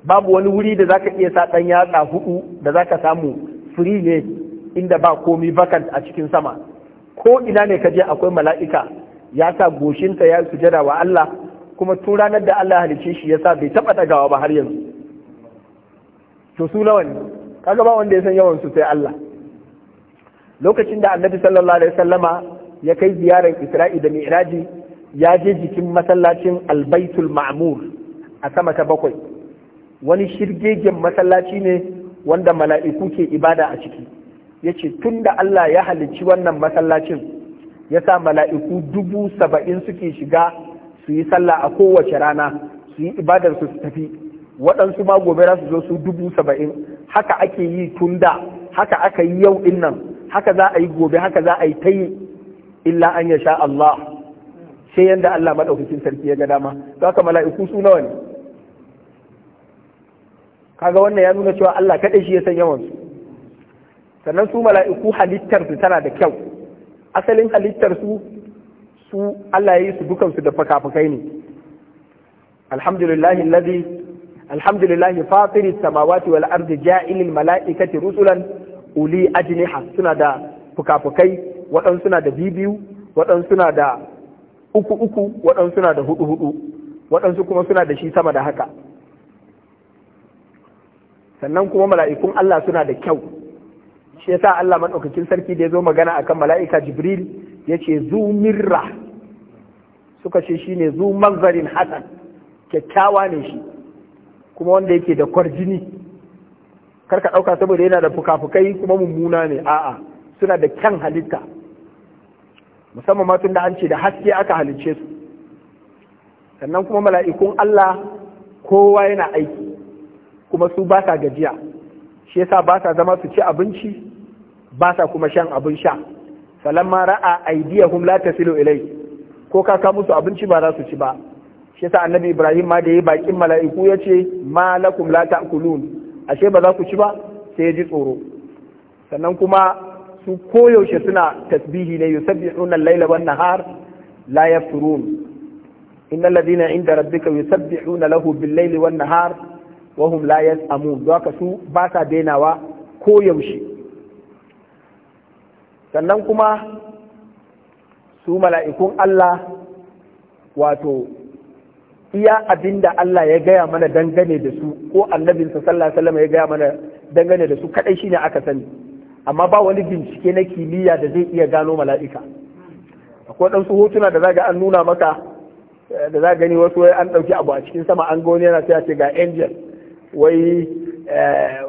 babu wani wuri da za ka iya sa ɗan yatsa hudu da zaka samu firi ne inda ba komi vacant a cikin sama ko ina ne ka je akwai mala'ika ya sa goshinta ya sujada wa Allah kuma tun ranar da Allah halice shi yasa bai taba dagawa ba har yanzu to su nawa ne kaga ba wanda ya san yawan su sai Allah lokacin da Annabi sallallahu alaihi wasallama ya kai ziyarar Isra'i da Mi'raji ya je jikin masallacin Al-Baitul Ma'mur a sama ta bakwai wani shirgegen masallaci ne wanda mala'iku ke ibada a ciki yace tunda Allah ya halicci wannan masallacin ya sa mala'iku dubu saba'in suke shiga su yi sallah a kowace rana su yi ibadar su tafi waɗansu ma gobe za su zo su dubu saba'in haka ake yi tun da haka aka yi yau din nan haka za a yi gobe haka za a yi ta yi illa an ya sha Allah sai yanda Allah maɗaukacin sarki ya ga dama za ka mala'iku su nawa ne kaga wannan ya nuna cewa Allah kaɗai shi ya san yawan su sannan su mala'iku halittar su tana da kyau asalin halittar su su Allah ya yi su dukansu da fakafakai ne alhamdulillahi ladi alhamdulillahi fafiri samawati wal ardi ja'ilil mala'ikati rusulan uli ajniha suna da fukafukai waɗansu suna da bibiyu waɗansu suna da uku uku waɗansu suna da hudu hudu waɗansu kuma suna da shi sama da haka sannan kuma mala'ikun Allah suna da kyau shi yasa Allah madaukakin sarki da ya zo magana akan mala'ika Jibril yace ce mirra suka ce shi ne zu manzarin hasan kyakkyawa ne shi kuma wanda yake da kwar kwarjini karka ɗauka saboda yana da fukafukai kuma mummuna ne a'a suna da kyan halitta musamman ma da an ce da haske aka halicce su sannan kuma mala'ikun Allah kowa yana aiki kuma su ba sa gajiya shi yasa ba sa zama su ci abinci ba sa kuma shan abin sha falamma ra'a aydiyahum la tasilu ilai ko ka ka musu abinci ba za su ci ba shi yasa annabi ibrahim ma da yi bakin mala'iku ya ce ma lakum la ta'kulun ashe ba za ku ci ba sai ya ji tsoro sannan kuma su koyaushe suna tasbihi ne yusabbihuna al-laila wan nahar la yafturun innal ladina inda rabbika yusabbihuna lahu bil-laili wan nahar wa hum la yas'amun haka su ba sa dainawa koyaushe sannan kuma su mala'ikun Allah wato iya abin da Allah ya gaya mana dangane da su ko annabinsa sallallahu alaihi ya gaya mana dangane da su kadai shine aka sani amma ba wani bincike na kimiyya da zai iya gano mala'ika akwai ɗansu hotuna da zaga an nuna maka eh, da za gani wasu wai an ɗauki abu a cikin sama an gani yana sai ce ga angel wai eh,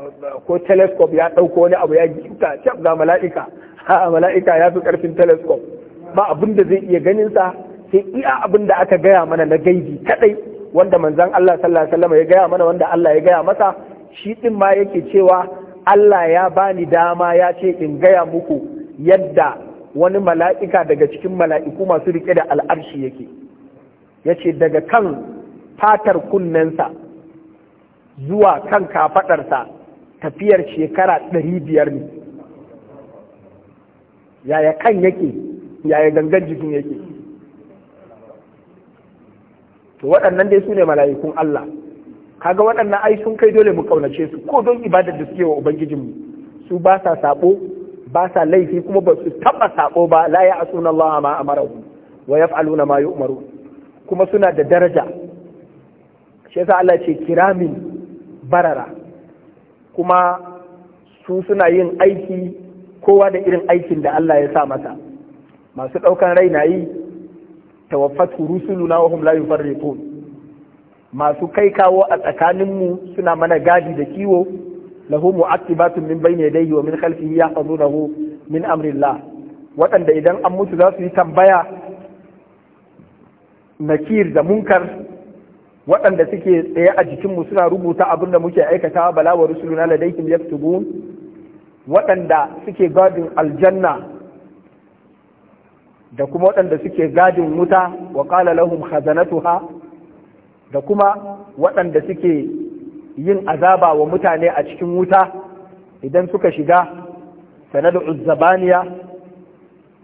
ko telescope ya ɗauko wani abu ya gita ga mala'ika mala'ika ya fi ƙarfin telescope ba abin da zai iya ganinsa, sai iya abin da aka gaya mana na gaibi kadai wanda manzon Allah sallallahu alaihi wasallam ya gaya mana wanda Allah ya gaya masa shi din ma yake cewa Allah ya bani dama ya ce in gaya muku yadda wani mala'ika daga cikin mala'iku masu rike da al'arshi yake Yace daga kan fatar kunnensa zuwa kan kafaɗarsa tafiyar shekara ɗari biyar ne yaya kan yake yaya gangan jikin yake to waɗannan dai su ne mala'ikun Allah kaga waɗannan ai sun kai dole mu kaunace su ko don ibadar da suke wa ubangijinmu su ba sa sabo ba sa laifi kuma ba su taba sabo ba la ya asuna Allah ma amarahu wa yaf'aluna ma yu'maru kuma suna da daraja shi yasa Allah ce kiramin barara kuma su suna yin aiki kowa da irin aikin da Allah ya sa masa masu ɗaukan rai na yi tawaffat rusuluna wa layu la masu kai kawo a tsakaninmu suna mana gadi da kiwo lahu mu'aqibatun min bayni yadayhi wa min khalfihi yahfazunahu min amrillah waɗanda idan an mutu za su yi tambaya nakir da munkar waɗanda suke tsaye a jikinmu suna rubuta abin da muke aikatawa bala wa rusuluna ladayhim yaktubun waɗanda suke gadin aljanna da kuma waɗanda suke gadin wuta wa ƙala lahum khazanatuha da kuma waɗanda suke yin azaba wa mutane a cikin wuta idan suka shiga sanadu uzzabaniya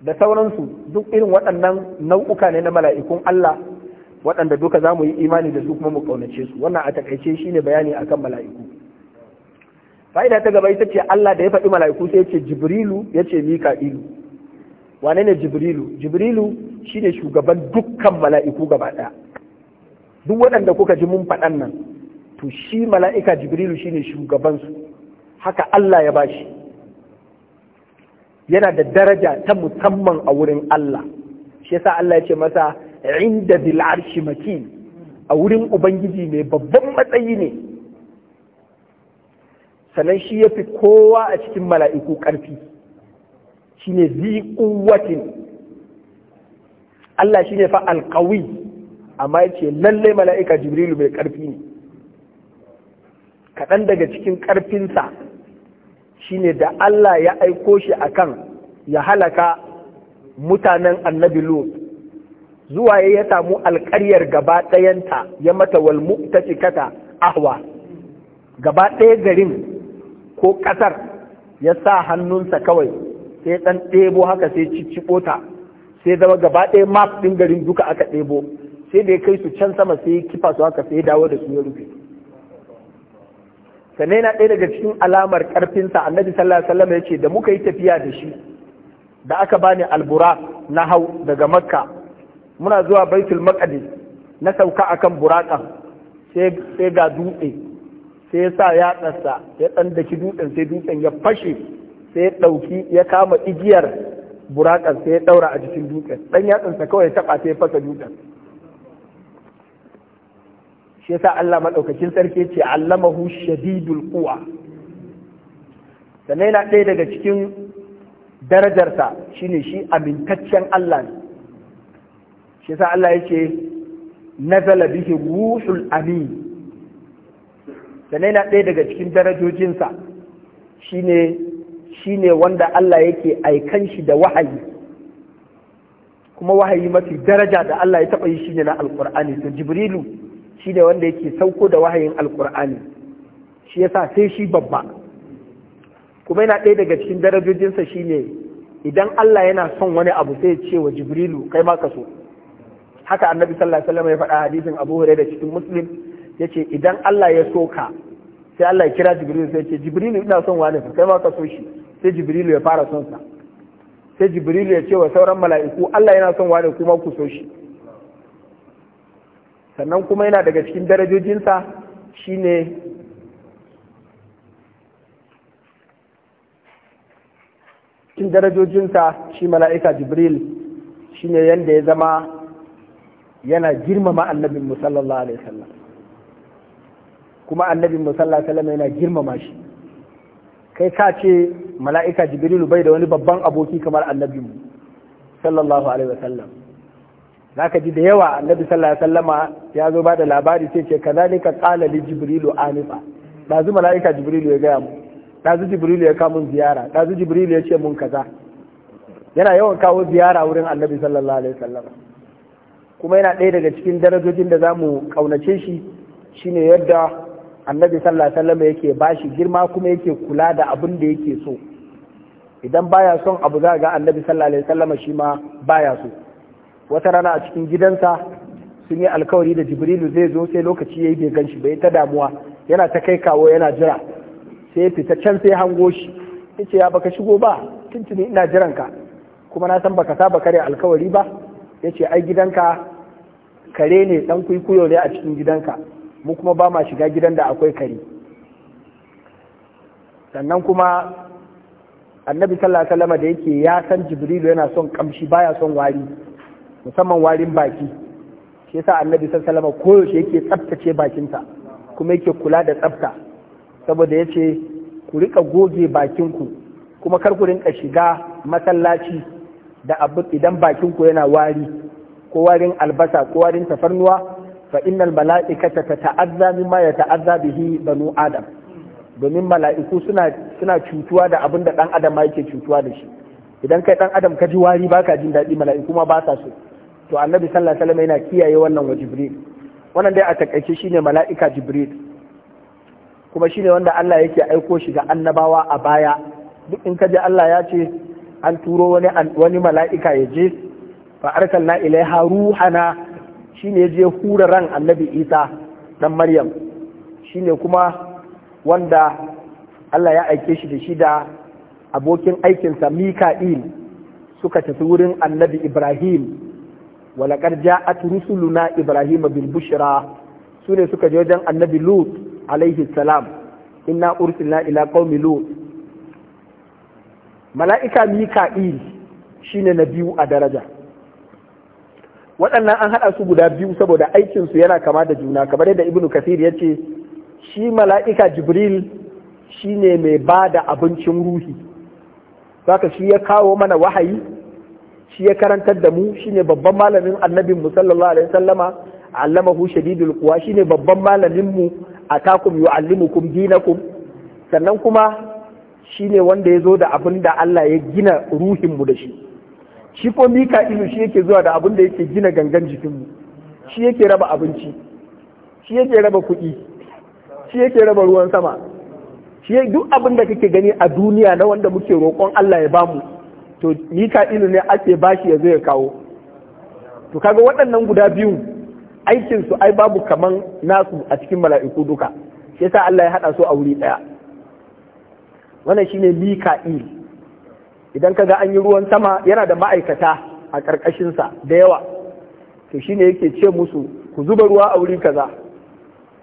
da sauransu duk irin waɗannan nau'uka ne na mala'ikun Allah waɗanda duka za mu yi imani da su kuma mu ƙaunace su wannan a takaice shi ne bayani akan mala'iku fa'ida ta gaba ita ce Allah da ya faɗi mala'iku sai ya ce jibrilu ya ce mika'ilu wane ne jibrilu jibrilu shine shugaban dukkan mala'iku gaba ɗaya duk waɗanda kuka ji mun faɗan nan to shi mala'ika jibrilu shine su. haka Allah ya bashi yana da daraja ta musamman a wurin Allah shi yasa Allah ya ce masa inda bil arshi makin a wurin ubangiji mai babban matsayi ne sannan shi ya fi kowa a cikin mala'iku ƙarfi shine zi kuwatin Allah shine fa alqawi amma yace lalle mala'ika jibrilu mai karfi ne kaɗan daga cikin karfinsa shine da Allah ya aiko shi akan ya halaka mutanen annabi Lut zuwa ya samu alƙaryar gaba ɗayanta ya mata wal ta cikata ahwa gaba ɗaya garin ko ƙasar ya sa hannunsa kawai sai ɗan ɗebo haka sai cicciɓo ta sai zama gaba ɗaya map ɗin garin duka aka ɗebo sai da ya kai su can sama sai kifa su haka sai dawo da su ya rufe sannan yana ɗaya daga cikin alamar ƙarfinsa annabi sallallahu alaihi wasallam ya ce da muka yi tafiya da shi da aka bani albura na hau daga makka muna zuwa baitul maqdis na sauka akan buraƙan sai ga dutse sai ya sa ya ya ɗan daki dutsen sai dutsen ya fashe sai ya ɗauki ya kama igiyar burakan sai ya ɗaura a jikin dutsen ɗan yatsansa kawai ya taɓa sai ya fasa dutsen shi yasa Allah maɗaukakin sarki ce allamahu shadidul quwa sannan yana ɗaya daga cikin darajarsa shine shi amintaccen Allah ne shi yasa Allah yake nazala bihi ruhul amin sannan yana ɗaya daga cikin darajojinsa shine Shi ne wanda Allah yake aikan shi da wahayi kuma wahayi mafi daraja da Allah ya taɓa yi shi ne na alƙur'ani to jibrilu ne wanda yake sauko da wahayin alƙur'ani shi ya sa sai shi babba kuma yana ɗaya daga cikin darajojinsa ne idan Allah yana son wani abu sai ya ce wa jibrilu kai ma ka so haka annabi sallallahu alaihi wasallam ya faɗa hadisin Abu Hurairah cikin Muslim ce idan Allah ya so ka sai Allah ya kira Jibril sai ce jibrilu ina son wani kai ma ka so shi sai jibrilu ya fara son sa sai jibrilu ya ce wa sauran mala'iku Allah yana son wani kuma ku so shi sannan kuma yana daga cikin darajojinsa shine cikin darajojinsa shi mala'ika jibril shine yanda ya zama yana girmama annabin musallallahu alaihi wasallam kuma annabin musallallahu alaihi wasallam yana girmama shi kai ka ce mala'ika jibrilu bai da wani babban aboki kamar annabi mu sallallahu alaihi wasallam za ka ji da yawa annabi sallallahu alaihi wasallama ya zo ba da labari sai ce ka zalika kala li jibrilu anifa ɗazu mala'ika jibrilu ya gaya mu ɗazu jibrilu ya kamun ziyara ɗazu jibrilu ya ce mun kaza yana yawan kawo ziyara wurin annabi sallallahu alaihi wasallama kuma yana ɗaya daga cikin darajojin da za mu ƙaunace shi shine yadda annabi sallallahu alaihi wasallam yake bashi girma kuma yake kula da abin da yake so idan baya son abu za ga annabi sallallahu alaihi wasallam shi ma baya so wata rana a cikin gidansa sun yi alkawari da jibrilu zai zo sai lokaci yayi bai ganshi bai ta damuwa yana ta kai kawo yana jira sai fita can sai hango shi yace ya baka shigo ba tuntuni ina jiran ka kuma na san baka saba kare alkawari ba yace ai gidanka kare ne dan kuikuyo ne a cikin gidanka mu kuma ba ma shiga gidan da akwai kare sannan kuma annabi sallallahu alaihi wasallam da yake ya san jibrilu yana son kamshi baya son wari musamman warin baki shi yasa annabi sallallahu alaihi wasallam koyaushe yake tsaftace bakinsa kuma yake kula da tsafta saboda yace ku rika goge bakin ku kuma kar ku rinka shiga masallaci da abu idan bakinku yana wari ko warin albasa ko warin tafarnuwa fa innal mala'ikata tata'azza mimma yata'azza bihi banu adam domin mala'iku suna suna cutuwa da abinda da dan adam ma yake cutuwa da shi idan kai dan adam ka ji wari baka jin daɗi mala'iku ma ba sa so to annabi sallallahu alaihi wasallam yana kiyaye wannan wa jibril wannan dai a takaice shine mala'ika jibril kuma shine wanda Allah yake aiko shi ga annabawa a baya duk in ka ji Allah ya ce an turo wani wani mala'ika ya je fa arsalna ilaiha ruhana shine ya je hura ran annabi isa dan maryam shi ne kuma wanda allah ya aike shi da shi da abokin aikinsa mika'il suka tafi wurin annabi ibrahim walakar ja'at rusuluna ibrahim bil bushra su ne suka je wajen annabi lut alaihi salam inna ursilna ila qaumi lut mala'ika mika'il shine na biyu a daraja waɗannan an haɗa su guda biyu saboda aikinsu yana kama da juna kamar yadda ibnu kasir ya ce shi mala'ika jibril shi ne mai ba da abincin ruhi zaka shi ya kawo mana wahayi shi ya karantar da mu shi ne babban malamin annabin mu sallallahu alaihi sallama allamahu shadidul quwa shi ne babban malamin mu atakum yu'allimukum dinakum sannan kuma shi ne wanda ya zo da abin da Allah ya gina ruhin mu da shi shi ko mika'ilu shi yake zuwa da abin da yake gina gangan jikinmu shi yake raba abinci shi yake raba kuɗi shi yake raba ruwan sama shi duk abin da kake gani a duniya na wanda muke roƙon Allah ya bamu to mika'ilu ne ake bashi ya zo ya kawo to kaga waɗannan guda biyu aikinsu ai babu kaman nasu a cikin mala'iku duka yasa Allah ya haɗa su a wuri ɗaya wannan shine mika'il idan ka ga an yi ruwan sama yana da ma'aikata a ƙarƙashinsa da yawa to shine yake ce musu ku zuba ruwa a wuri kaza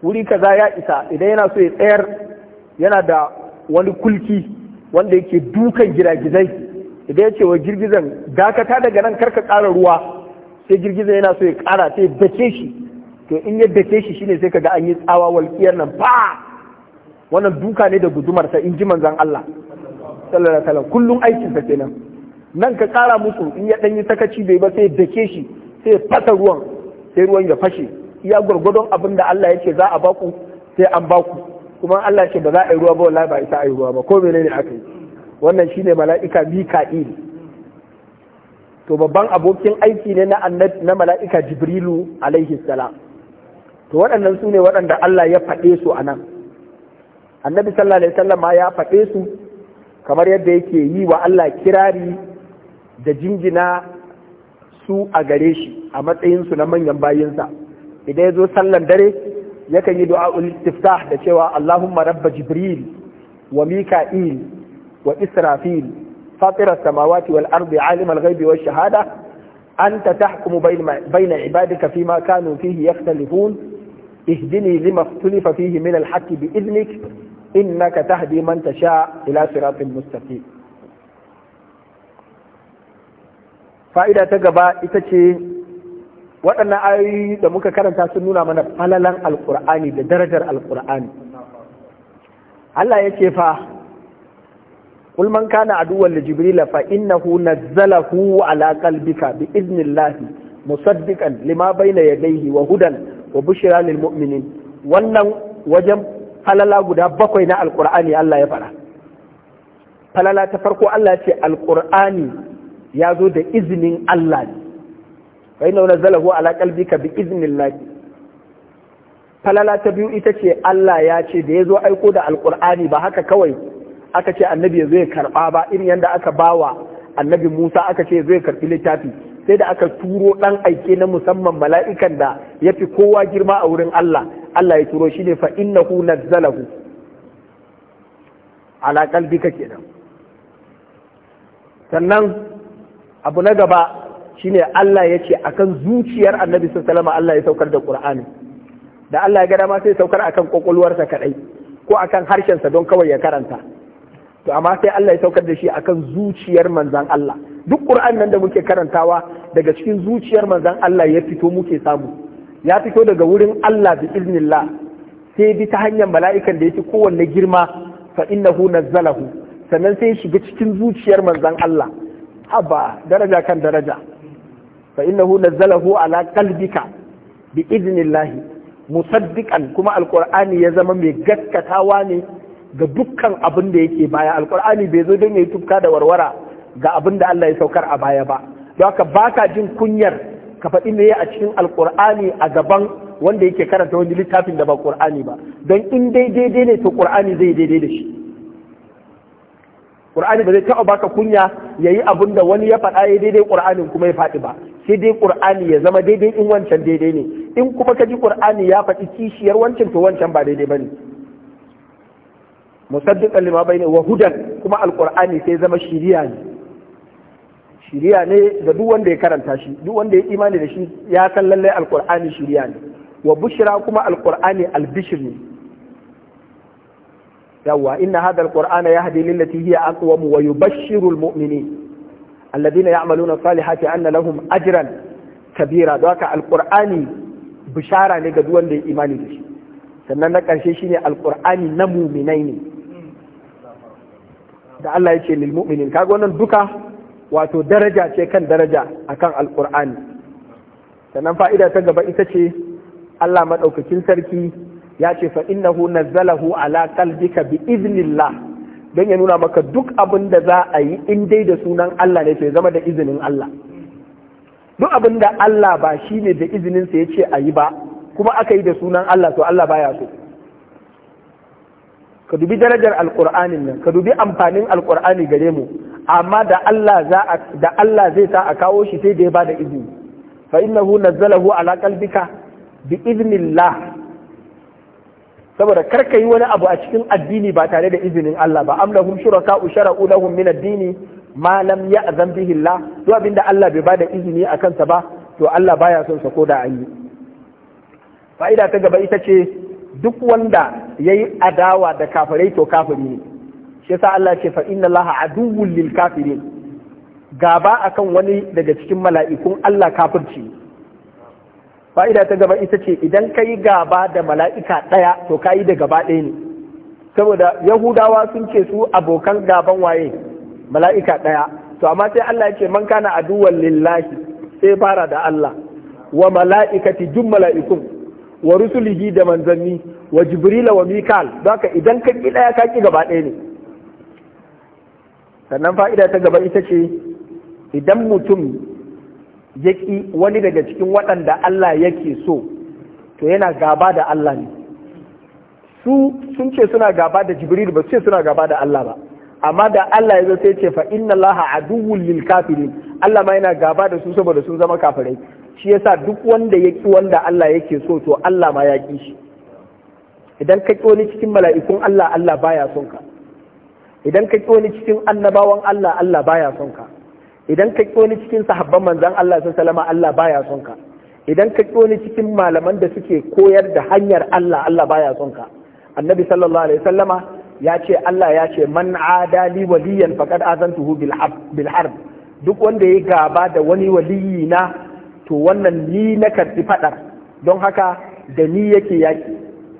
wuri kaza ya isa idan yana so ya tsayar yana da wani kulki wanda yake dukan gidagizai idan ya ce wa girgizan dakata daga nan karka ƙara ruwa sai girgizan yana so ya ƙara sai dace shi to in ya dace shi shine sai kaga an yi tsawa walƙiyar nan ba wannan duka ne da gudumar sa in ji manzon Allah sallallahu alaihi wasallam kullum aikin sa kenan nan ka kara musu in ya danyi takaci sakaci bai ba sai dake shi sai fasa ruwan sai ruwan ya fashe iya gwargwadon abin da Allah yake za a baku sai an baku kuma Allah yake ba za a yi ruwa ba wallahi ba isa a yi ruwa ba ko menene aka yi wannan shine mala'ika mika'il to babban abokin aiki ne na na mala'ika jibrilu alaihi salam to waɗannan su ne waɗanda Allah ya faɗe su a nan annabi sallallahu alaihi wasallam ya faɗe su kamar yadda yake yi wa Allah kirari da jingina su a gare shi a matsayinsu na manyan bayinsa idan ya zo sallan dare yakan yi du'a'ul istiftah da cewa Allahumma rabba jibril wa mika'il wa israfil fatir samawati wal ardi alim al-ghaibi wash shahada anta tahkumu bayna ibadika fima kanu fihi yakhtalifun ihdini lima ikhtalafa fihi min al-haqqi bi idnik innaka ta man tasha ila siratin mustaqim fa'ida ta gaba ita ce waɗannan ayoyi da muka karanta sun nuna mana falalan Alƙur'ani da darajar Alƙur'ani. Allah ya ce fa ulman kana aduwan da jibrila fa innahu nazzalahu ala qalbika bi idnillahi musaddiqan lima bayna yadayhi wa hudan wa bushra lil wannan wajen falala guda bakwai na alkur'ani Allah ya fara falala ta farko Allah ce alkur'ani ya zo da izinin Allah ne fa inna nazzalahu ala qalbika bi iznillah falala ta biyu ita ce Allah ya ce da ya zo aiko da alkur'ani ba haka kawai aka ce annabi ya zo ya karba ba irin yadda aka bawa annabi Musa aka ce zai karɓi littafi sai da aka turo ɗan aike na musamman mala'ikan da ya fi kowa girma a wurin Allah Allah ya turo shi ne fa innahu nazzalahu ala qalbika kenan sannan abu na gaba shine Allah ya ce akan zuciyar Annabi sallallahu Allah ya saukar da Qur'ani da Allah ya ga dama sai saukar akan kokolwarsa kadai ko akan sa don kawai ya karanta to amma sai Allah ya saukar da shi akan zuciyar manzan Allah duk Qur'an nan da muke karantawa daga cikin zuciyar manzan Allah ya fito muke samu ya fito daga wurin Allah bi iznillah sai bi ta hanyar mala'ikan da ya yake kowanne girma fa innahu nazzalahu sannan sai shiga cikin zuciyar manzon Allah haba daraja kan daraja fa innahu nazzalahu ala qalbika bi iznillah musaddiqan kuma alqur'ani ya zama mai gaskatawa ne ga dukkan abin da yake baya alqur'ani bai zo don yi tufka da warwara ga abin da Allah ya saukar a baya ba don haka baka jin kunyar ka faɗi me a cikin alkur'ani a gaban wanda yake karanta wani littafin da ba qur'ani ba don in dai daidai ne to qur'ani zai daidai da shi Ƙur'ani ba zai taɓa baka kunya yayi abin da wani ya faɗa ya daidai qur'anin kuma ya faɗi ba sai dai ƙur'ani ya zama daidai in wancan daidai ne in kuma ka ji qur'ani ya faɗi kishiyar wancan to wancan ba daidai bane musaddiqan lima bayna wa hudan kuma alqur'ani sai zama shiriya ne shiriya ne ga duk wanda ya karanta shi duk wanda ya imani da shi ya san lallai alqur'ani shiriya ne wa bushra kuma alkur'ani albishir ne yawwa inna hadha alqur'ana yahdi lillati hiya aqwam wa yubashshiru almu'minin alladhina ya'maluna salihati anna lahum ajran kabira don haka alkur'ani bishara ne ga duk wanda ya imani da shi sannan na karshe shine alkur'ani na mu'minai ne da Allah ya ce lil mu'minin kaga wannan duka wato daraja ce kan daraja a kan al’ur'ani sannan fa'ida ta gaba ita ce Allah maɗaukakin sarki ya ce fa innahu nazzalahu ala qalbika bi iznillah Don ya nuna maka duk abin da za a yi in dai da sunan Allah ne to zama da izinin Allah duk abin da Allah ba shi ne da izininsa ya ce a yi ba kuma aka yi da sunan Allah to Allah baya so ka dubi darajar alƙur'anin nan ka dubi amfanin alƙur'ani gare mu amma da Allah zai sa a kawo shi sai da ya bada izini fa innahu nazzalahu ala qalbika bi idnillah saboda kar yi wani abu a cikin addini ba tare da izinin Allah ba am lahum shuraka usharu lahum min addini dini ma lam ya'zam bihi Allah to abinda Allah bai bada izini a kansa ba to Allah baya son sa koda an yi fa'ida ta gaba ita ce duk wanda yayi adawa da kafirai to kafiri ne shi yasa Allah ce fa inna Allah aduwwul lil kafirin gaba akan wani daga cikin mala'ikun Allah kafirci fa'ida ta gaba ita ce idan ka gaba da mala'ika ɗaya to ka da gaba ɗaya ne saboda yahudawa sun ce su abokan gaban waye mala'ika ɗaya to amma sai Allah ya ce man kana aduwwul lillahi sai fara da Allah wa mala'ikati duk mala'ikun wa rusulihi da manzanni wa jibrila wa mikal haka idan ka ki daya ka ki gaba ɗaya ne sannan fa'ida ta gaba ita ce idan mutum ya ƙi wani daga cikin waɗanda Allah yake so to yana gaba da Allah ne su sun ce suna gaba da jibril ba su ce suna gaba da Allah ba amma da Allah ya zo sai ce fa inna Allah aduwwul lil kafirin Allah ma yana gaba da su saboda sun zama kafirai shi yasa duk wanda ya ƙi wanda Allah yake so to Allah ma ya ƙi shi idan ka ƙi wani cikin mala'ikun Allah Allah baya son ka idan ka ƙi wani cikin annabawan Allah Allah baya son ka idan ka ƙi wani cikin sahabban manzan Allah sun salama Allah baya son ka idan ka ƙi wani cikin malaman da suke koyar da hanyar Allah Allah baya son ka annabi sallallahu alaihi wasallama ya ce Allah ya ce man adali waliyan faqad azantuhu bil harb duk wanda ya gaba da wani waliyina na to wannan ni na karɓi faɗar don haka da ni yake yaki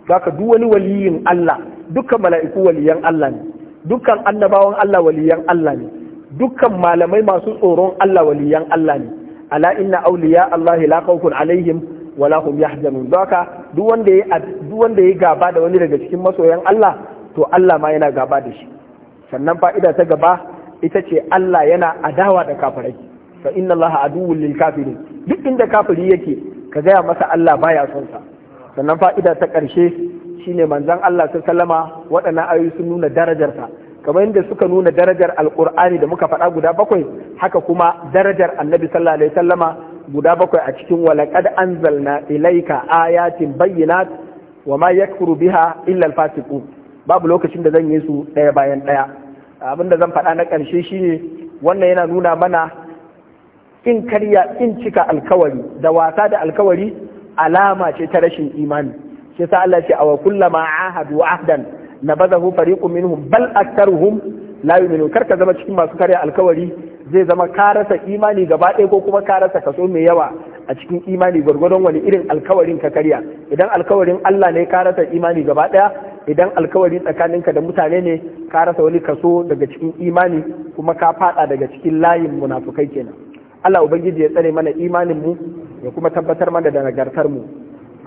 zaka duk wani waliyin Allah dukkan mala'iku waliyan Allah ne dukkan annabawan Allah waliyan Allah ne dukkan malamai masu tsoron Allah waliyan Allah ne ala inna awliya Allah la khawfun alaihim wala hum yahzanun doka duk wanda ya duk wanda ya gaba da wani daga cikin masoyan Allah to Allah ma yana gaba da shi sannan fa'ida ta gaba ita ce Allah yana adawa da kafirai fa inna Allah aduwwul lil kafirin duk inda kafiri yake ka gaya masa Allah baya son sa sannan fa'ida ta ƙarshe shine manzan Allah sun sallama waɗannan ayoyi sun nuna darajarsa kamar yadda suka nuna darajar alkur'ani da muka faɗa guda bakwai haka kuma darajar annabi sallallahu guda bakwai a cikin walaqad anzalna ilaika ayatin bayyinat wa ma yakfuru biha illa babu lokacin da zan yi su ɗaya bayan ɗaya Abin da zan faɗa na ƙarshe shine wannan yana nuna mana in karya in cika alkawari da wasa da alkawari alama ce ta rashin imani shi yasa Allah ce a kulla kullama ahadu ahdan nabadahu fariqun minhum bal aktharuhum la yu'minu karka zama cikin masu karya alkawari zai zama ka rasa imani gaba ɗaya ko kuma ka rasa kaso mai yawa a cikin imani gwargwadon wani irin alkawarin ka karya idan alkawarin Allah ne ka rasa imani gaba ɗaya idan alkawari tsakaninka da mutane ne ka rasa wani kaso daga cikin imani kuma ka fada daga cikin layin munafukai kenan Allah ubangiji ya tsare mana imanin mu ya kuma tabbatar mana da nagartar mu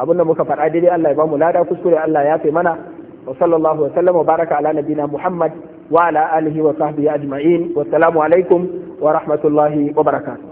abin da muka faɗa daidai Allah ya bamu lada kuskure Allah ya fi mana wa sallallahu wa sallam wa baraka ala nabina Muhammad wa ala alihi wa sahbihi ajma'in wa assalamu alaikum wa rahmatullahi wa barakatuh